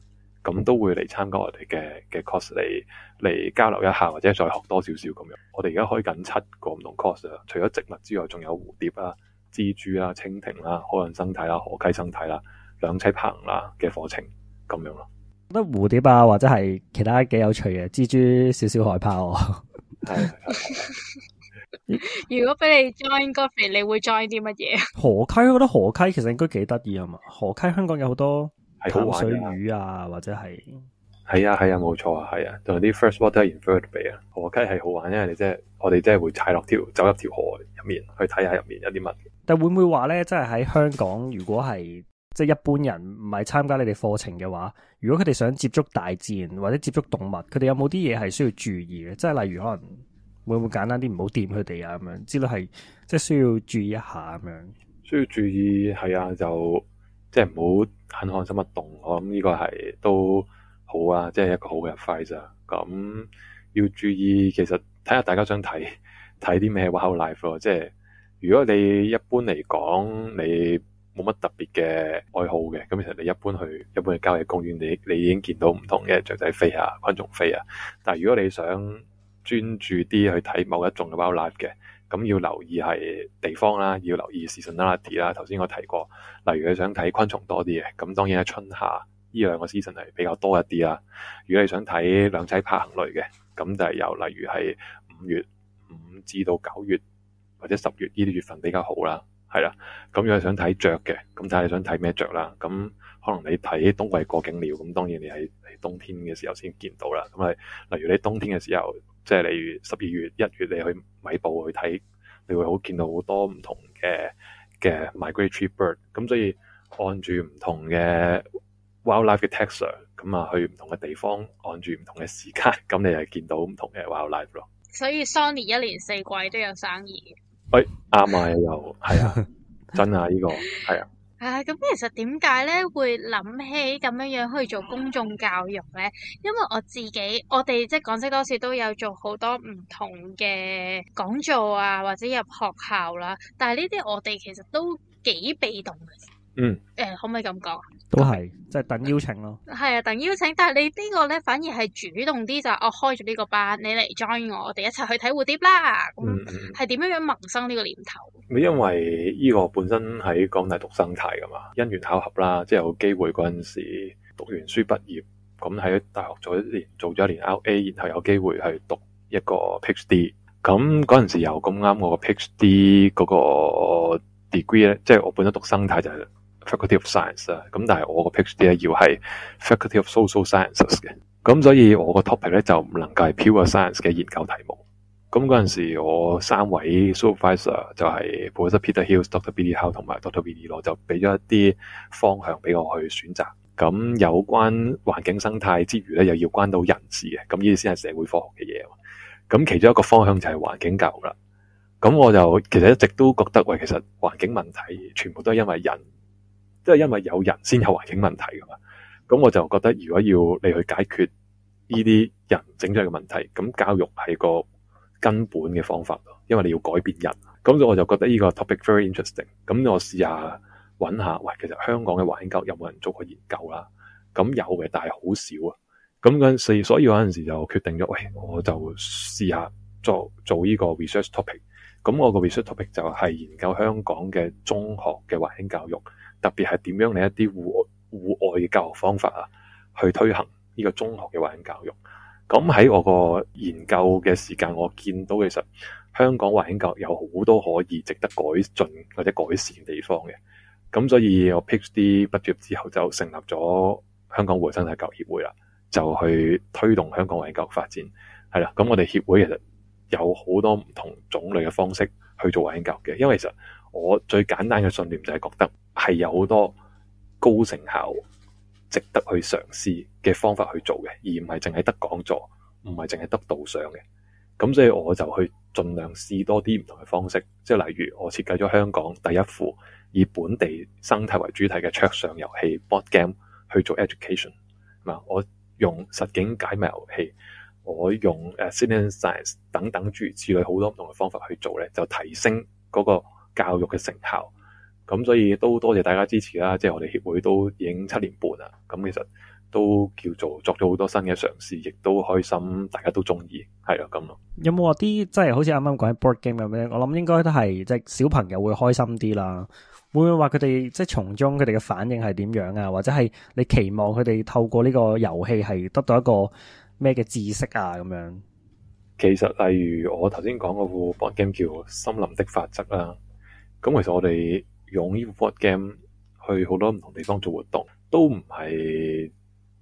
咁都會嚟參加我哋嘅嘅 course 嚟嚟交流一下，或者再學多少少咁樣。我哋而家開緊七個唔同 course 啦，除咗植物之外，仲有蝴蝶啊、蜘蛛啊、蜻蜓啦、海洋生態啦、河溪生態啦、兩棲爬行啦嘅課程咁樣咯。覺得蝴蝶啊，或者係其他幾有趣嘅蜘蛛，少少害怕我。 哎、 如果俾你 join 個肥，你會 join 啲乜嘢？河溪，我覺得河溪其實應該幾得意啊嘛。河溪，河溪香港有好多。土水魚啊，或者係，係啊係啊，冇錯啊，係啊，同埋啲 first water inverte 啊，河溪係好玩，因為你即係我哋即係會踩落條走入條河入面去睇下入面有啲乜嘢。但會唔會話咧，即係喺香港，如果係即係一般人唔係參加你哋課程嘅話，如果佢哋想接觸大自然或者接觸動物，佢哋有冇啲嘢係需要注意嘅？即係例如可能會唔會簡單啲唔好掂佢哋啊咁樣之類，係即係需要注意一下咁樣。需要注意係啊就。即係唔好眼看手勿動咯，咁呢個係都好啊，即係一個好嘅 advice 啊。咁、嗯、要注意，其實睇下大家想睇睇啲咩 wildlife 咯、啊。即係如果你一般嚟講，你冇乜特別嘅愛好嘅，咁其實你一般去一般去郊野公園，你你已經見到唔同嘅雀仔飛啊、昆蟲飛啊。但係如果你想專注啲去睇某一種嘅 wildlife 嘅。咁、嗯、要留意係地方啦，要留意 seasonality 啦。頭先我提過，例如你想睇昆蟲多啲嘅，咁當然係春夏依兩個 season 係比較多一啲啦。如果你想睇兩棲爬行類嘅，咁就係由例如係五月五至到九月或者十月呢啲月份比較好啦，係啦。咁如果你想睇雀嘅，咁就係想睇咩雀啦？咁可能你睇冬季過境鳥，咁當然你喺冬天嘅時候先見到啦。咁係、就是、例如你冬天嘅時候。即係例如十二月、一月你去米埔去睇，你會好見到好多唔同嘅嘅 migratory bird。咁所以按住唔同嘅 wildlife 嘅 taxa，咁啊去唔同嘅地方，按住唔同嘅時間，咁你係見到唔同嘅 wildlife 咯。所以 Xoni 一年四季都有生意。喂、哎，啱 啊，又係啊，真、 這個、啊，呢個係啊。啊，咁其實點解咧會諗起咁樣樣去做公眾教育咧？因為我自己，我哋即係港識多史都有做好多唔同嘅講座啊，或者入學校啦。但係呢啲我哋其實都幾被動嘅。嗯。誒、欸，可唔可以咁講？都係，即、就、係、是、等邀請咯。係 啊，等邀請。但係你個呢個咧，反而係主動啲、就是，就、啊、我開咗呢個班，你嚟 join 我，我哋一齊去睇蝴蝶啦。咁係點樣樣萌生呢個念頭？咪因為呢個本身喺港大讀生態噶嘛，因緣巧合啦，即係有機會嗰陣時讀完書畢業，咁喺大學做一年，做咗一年 RA，然後有機會去讀一個 PhD，咁嗰陣時又咁啱我個 PhD 嗰個 degree 咧，即係我本身讀生態就係 Faculty of Science 啦，咁但係我個 PhD 咧要係 Faculty of Social Sciences 嘅，咁所以我個 topic 咧就唔能夠係 pure science 嘅研究題目。咁嗰陣時，我三位 supervisor 就係、是、Professor Peter Hills、Doctor Billy How 同埋 Doctor Billy Lo 就俾咗一啲方向俾我去選擇。咁、嗯、有關環境生態之餘咧，又要關到人事嘅，咁呢啲先係社會科學嘅嘢。咁、嗯、其中一個方向就係環境教育啦。咁、嗯、我就其實一直都覺得，喂，其實環境問題全部都係因為人，即係因為有人先有環境問題噶嘛。咁、嗯、我就覺得，如果要你去解決呢啲人整咗嘅問題，咁、嗯、教育係個。根本嘅方法咯，因為你要改變人，咁我就覺得呢個 topic very interesting。咁我試下揾下，喂，其實香港嘅環境教育有冇人做過研究啦？咁有嘅，但係好少啊。咁跟所以，所以嗰陣時就決定咗，喂，我就試下做做呢個 research topic。咁我個 research topic 就係研究香港嘅中學嘅環境教育，特別係點樣嚟一啲戶外，戶外嘅教學方法啊，去推行呢個中學嘅環境教育。咁喺、嗯、我個研究嘅時間，我見到其實香港環境教育有好多可以值得改進或者改善地方嘅。咁所以，我 PhD 畢業之後就成立咗香港戶外生態教育協會啦，就去推動香港環境教育發展。係啦，咁我哋協會其實有好多唔同種類嘅方式去做環境教育嘅。因為其實我最簡單嘅信念就係覺得係有好多高成效，值得去嘗試嘅方法去做嘅，而唔係淨係得講座，唔係淨係得導賞嘅。咁所以我就去盡量試多啲唔同嘅方式，即係例如我設計咗香港第一副以本地生態為主題嘅桌上遊戲 board game 去做 education。我用實境解密遊戲，我用 citizen science 等等諸如此類好多唔同嘅方法去做咧，就提升嗰個教育嘅成效。咁所以都多謝大家支持啦。即係我哋協會都已經七年半啦。咁其實都叫做作咗好多新嘅嘗試，亦都開心，大家都中意係啦。咁咯，有冇話啲即係好似啱啱講 board game 咁樣，我諗應該都係即係小朋友會開心啲啦。會唔會話佢哋即係從中佢哋嘅反應係點樣啊？或者係你期望佢哋透過呢個遊戲係得到一個咩嘅知識啊？咁樣其實，例如我頭先講嗰部 board game 叫《森林的法則》啦。咁其實我哋。用呢個 board game 去好多唔同地方做活動，都唔係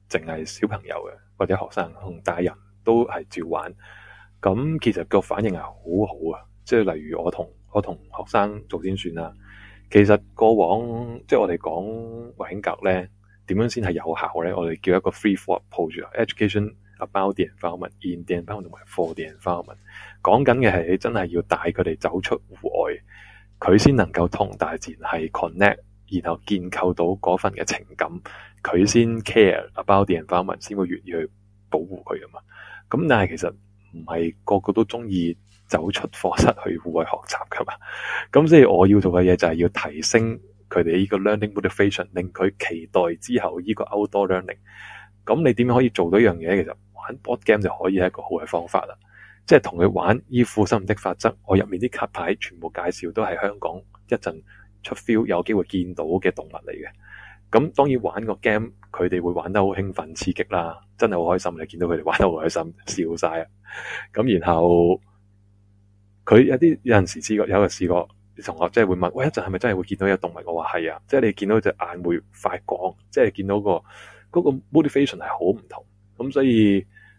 淨係小朋友嘅，或者學生同大人都係照玩。咁其實個反應係好好啊！即係例如我同我同學生做先算啦、啊。其實過往即係我哋講永興格咧，點樣先係有效咧？我哋叫一個 threefold approach education about the environment in the environment 同埋 for the environment。講緊嘅係你真係要帶佢哋走出戶外。佢先能夠同大自然係 connect，然後建構到嗰份嘅情感，佢先 care about the environment 先會願意去保護佢啊嘛。咁但係其實唔係個個都中意走出課室去戶外學習噶嘛。咁所以我要做嘅嘢就係要提升佢哋呢個 learning motivation，令佢期待之後呢個 outdoor learning。咁你點樣可以做到一樣嘢？其實玩 board game 就可以係一個好嘅方法啦。即係同佢玩依附心的法則，我入面啲卡牌全部介紹都係香港一陣出 feel 有機會見到嘅動物嚟嘅。咁當然玩個 game，佢哋會玩得好興奮刺激啦，真係好開心。你見到佢哋玩得好開心，笑晒。咁然後佢有啲有陣時試過，有個試過同學即係會問：喂，一陣係咪真係會見到有動物？我話係啊，即係你見到隻眼會發光，即係見到個嗰個 motivation 係好唔同。咁所以。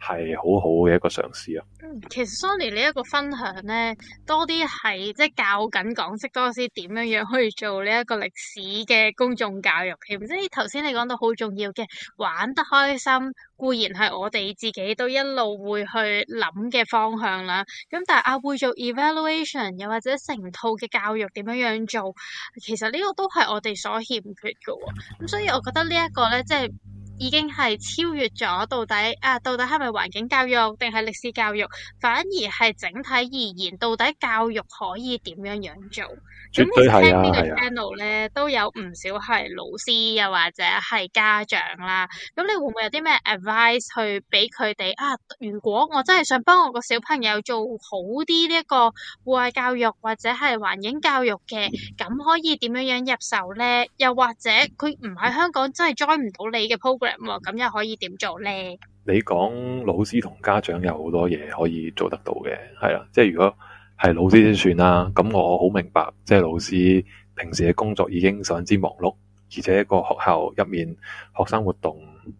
係好好嘅一個嘗試啊。嗯，其實 Xoni 呢一個分享咧，多啲係即係教緊港識多史點樣樣可以做呢一個歷史嘅公眾教育，其即係頭先你講到好重要嘅玩得開心固然係我哋自己都一路會去諗嘅方向啦。咁但係阿會做 evaluation，又或者成套嘅教育點樣樣做，其實呢個都係我哋所欠缺嘅喎、哦。咁所以我覺得呢一個咧，即係。已經係超越咗到底啊！到底係咪環境教育定係歷史教育？反而係整體而言，到底教育可以點樣樣做？咁我絕對 聽個頻道呢個 channel 咧，啊、都有唔少係老師又、啊、或者係家長啦、啊。咁你會唔會有啲咩 advice 去俾佢哋啊？如果我真係想幫我個小朋友做好啲呢一個戶外教育或者係環境教育嘅，咁可以點樣樣入手咧？又或者佢唔喺香港真係 join 唔到你嘅 program？M, 咁又可以點做呢？你講老師同家長有好多嘢可以做得到嘅，係啦，即係如果係老師先算啦。咁我好明白，即係老師平時嘅工作已經十分之忙碌，而且個學校入面學生活動。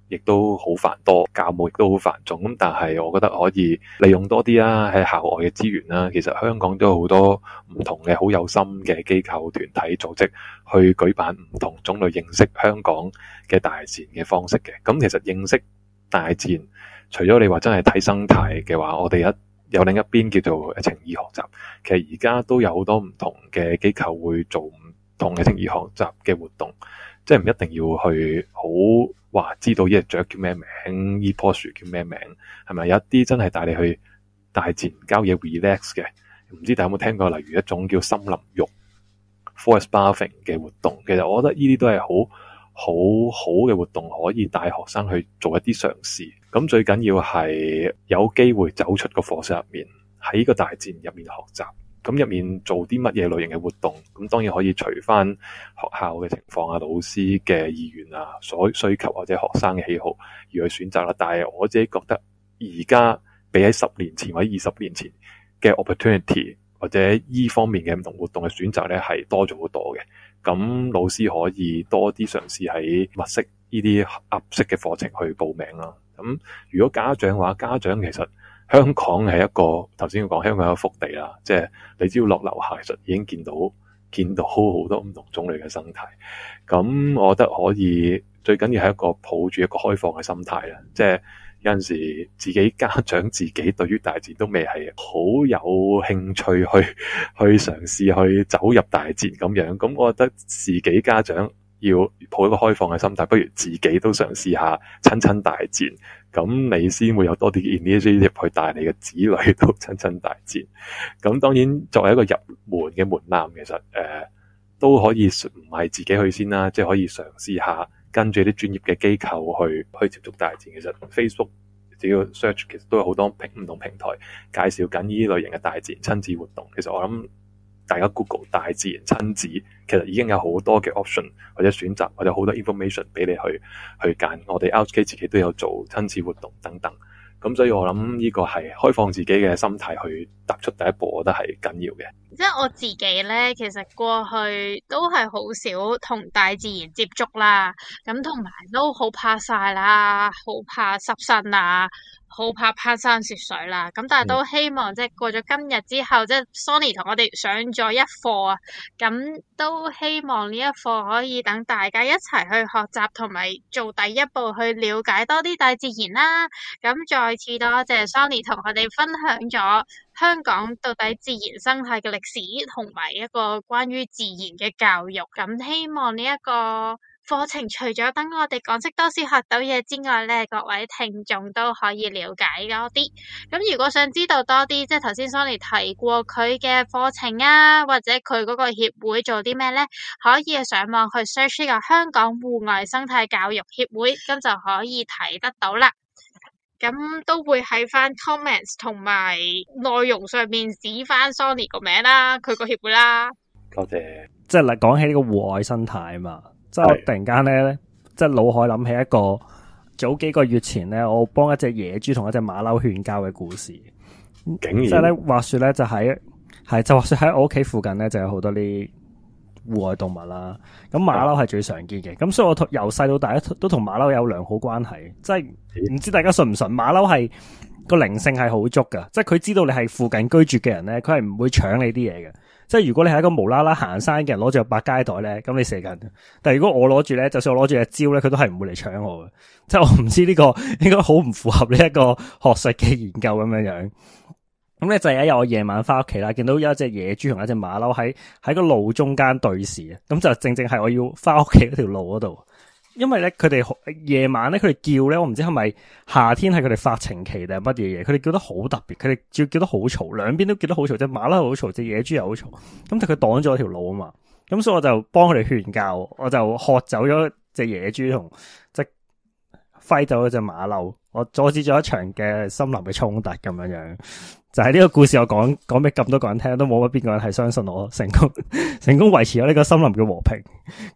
亦都好繁多，教務亦都好繁重。咁但係，我覺得可以利用多啲啦、啊，喺校外嘅資源啦、啊。其實香港都有好多唔同嘅好有心嘅機構、團體、組織去舉辦唔同種類認識香港嘅大自然嘅方式嘅。咁、嗯、其實認識大自然，除咗你話真係睇生態嘅話，我哋一有另一邊叫做情意學習。其實而家都有好多唔同嘅機構會做唔同嘅情意學習嘅活動。即係唔一定要去好話知道呢隻雀叫咩名，呢棵樹叫咩名，係咪？有一啲真係帶你去大自然郊野 relax 嘅，唔知大家有冇聽過？例如一種叫森林浴 （forest bathing） 嘅活動，其實我覺得呢啲都係好好好嘅活動，可以帶學生去做一啲嘗試。咁最緊要係有機會走出個課室入面，喺個大自然入面學習。咁入面做啲乜嘢類型嘅活動，咁當然可以除翻學校嘅情況啊、老師嘅意願啊、所需求或者學生嘅喜好而去選擇啦。但係我自己覺得，而家比喺十年前或者二十年前嘅 opportunity 或者依方面嘅唔同活動嘅選擇咧，係多咗好多嘅。咁老師可以多啲嘗試喺物色呢啲合適嘅課程去報名啦、啊。咁如果家長嘅話，家長其實。香港係一個頭先要講香港一個福地啦，即係你只要落樓下，其實已經見到見到好多唔同種類嘅生態。咁我覺得可以最緊要係一個抱住一個開放嘅心態啦。即係有陣時自己家長自己對於大自然都未係好有興趣去去嘗試去走入大自然咁樣，咁我覺得自己家長要抱一個開放嘅心態，不如自己都嘗試下親親大自然。咁你先會有多啲 initiative 去帶你嘅子女到親親大自然。咁當然作為一個入門嘅門檻，其實誒、呃、都可以唔係自己去先啦，即係可以嘗試下跟住啲專業嘅機構去去接觸大自然。其實 Facebook 只要 search，其實都有好多唔同平台介紹緊呢類型嘅大自然親子活動。其實我諗，大家 Google 大自然親子，其實已經有好多嘅 option 或者選擇，或者好多 information 俾你去去揀。我哋 OWLHK 自己都有做親子活動等等，咁所以我諗呢個係開放自己嘅心態去踏出第一步，我覺得係緊要嘅。即係我自己呢，其實過去都係好少同大自然接觸啦，咁同埋都好怕曬啦，好怕濕身啊。好怕攀山涉水啦，咁但係都希望即係、就是、過咗今日之後，即、就、係、是、Xoni 同我哋上咗一課啊，咁都希望呢一課可以等大家一齊去學習同埋做第一步去了解多啲大自然啦。咁再次多謝 Xoni 同我哋分享咗香港到底自然生態嘅歷史同埋一個關於自然嘅教育。咁希望呢、這、一個。課程除咗等我哋港識多史學到嘢之外咧，各位聽眾都可以了解多啲。咁如果想知道多啲，即係頭先 Xoni 提過佢嘅課程啊，或者佢嗰個協會做啲咩咧，可以上網去 search 個香港戶外生態教育協會，咁就可以睇得到啦。咁都會喺翻 comments 同埋內容上面指翻 Xoni 個名啦，佢個協會啦。多謝，即係嚟講起呢個戶外生態啊嘛。即係我突然間咧，即係腦海諗起一個早幾個月前咧，我幫一隻野豬同一隻馬騮勸交嘅故事。竟然即係咧，話說咧就喺係就話說喺我屋企附近咧就有好多啲戶外動物啦。咁馬騮係最常見嘅，咁所以我由細到大都同馬騮有良好關係。即係唔知大家信唔信，馬騮係個靈性係好足噶，即係佢知道你係附近居住嘅人咧，佢係唔會搶你啲嘢嘅。即係如果你係一個無啦啦行山嘅人，攞住個百佳袋咧，咁你射緊。但係如果我攞住咧，就算我攞住隻蕉咧，佢都係唔會嚟搶我嘅。即係我唔知呢個應該好唔符合呢一個學術嘅研究咁樣樣。咁咧就有一日我夜晚翻屋企啦，見到有一隻野豬同一隻馬騮喺喺個路中間對視啊。咁就正正係我要翻屋企嗰條路嗰度。因為咧，佢哋夜晚咧，佢哋叫咧，我唔知係咪夏天係佢哋發情期定係乜嘢嘢，佢哋叫得好特別，佢哋叫叫得好嘈，兩邊都叫得好嘈，隻馬騮好嘈，隻野豬又好嘈。咁但佢擋咗條路啊嘛，咁、嗯、所以我就幫佢哋勸教，我就喝走咗隻野豬同即係揮走咗隻馬騮，我阻止咗一場嘅森林嘅衝突咁樣樣。就喺、是、呢個故事我講，我講講俾咁多個人聽，都冇乜邊個人係相信我成功成功維持咗呢個森林嘅和平。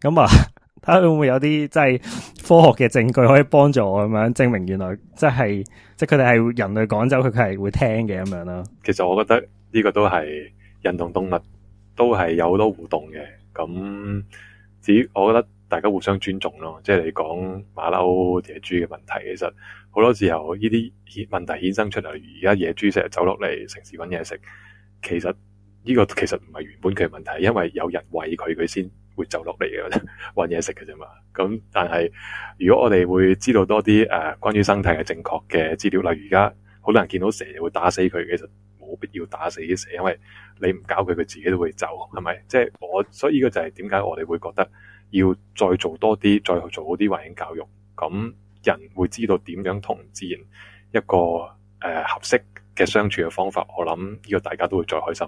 咁啊～睇下會唔會有啲即係科學嘅證據可以幫助我咁樣，證明原來即係即係佢哋係人類趕走佢，佢係會聽嘅咁樣咯。其實我覺得呢個都係人同動物都係有好多互動嘅。咁至於我覺得大家互相尊重咯。即係你講馬騮野豬嘅問題，其實好多時候呢啲問題衍生出嚟，而家野豬成日走落嚟城市揾嘢食，其實呢個其實唔係原本佢嘅問題，因為有人餵佢佢先。會走落嚟嘅，搵嘢食嘅啫嘛。咁但係如果我哋會知道多啲誒關於生態嘅正確嘅資料，例如而家好多人見到蛇會打死佢，其實冇必要打死啲蛇，因為你唔搞佢，佢自己都會走，係咪？即係我，所以呢個就係點解我哋會覺得要再做多啲，再去做好啲環境教育，咁人會知道點樣同自然一個誒、呃、合適嘅相處嘅方法。我諗呢個大家都會再開心。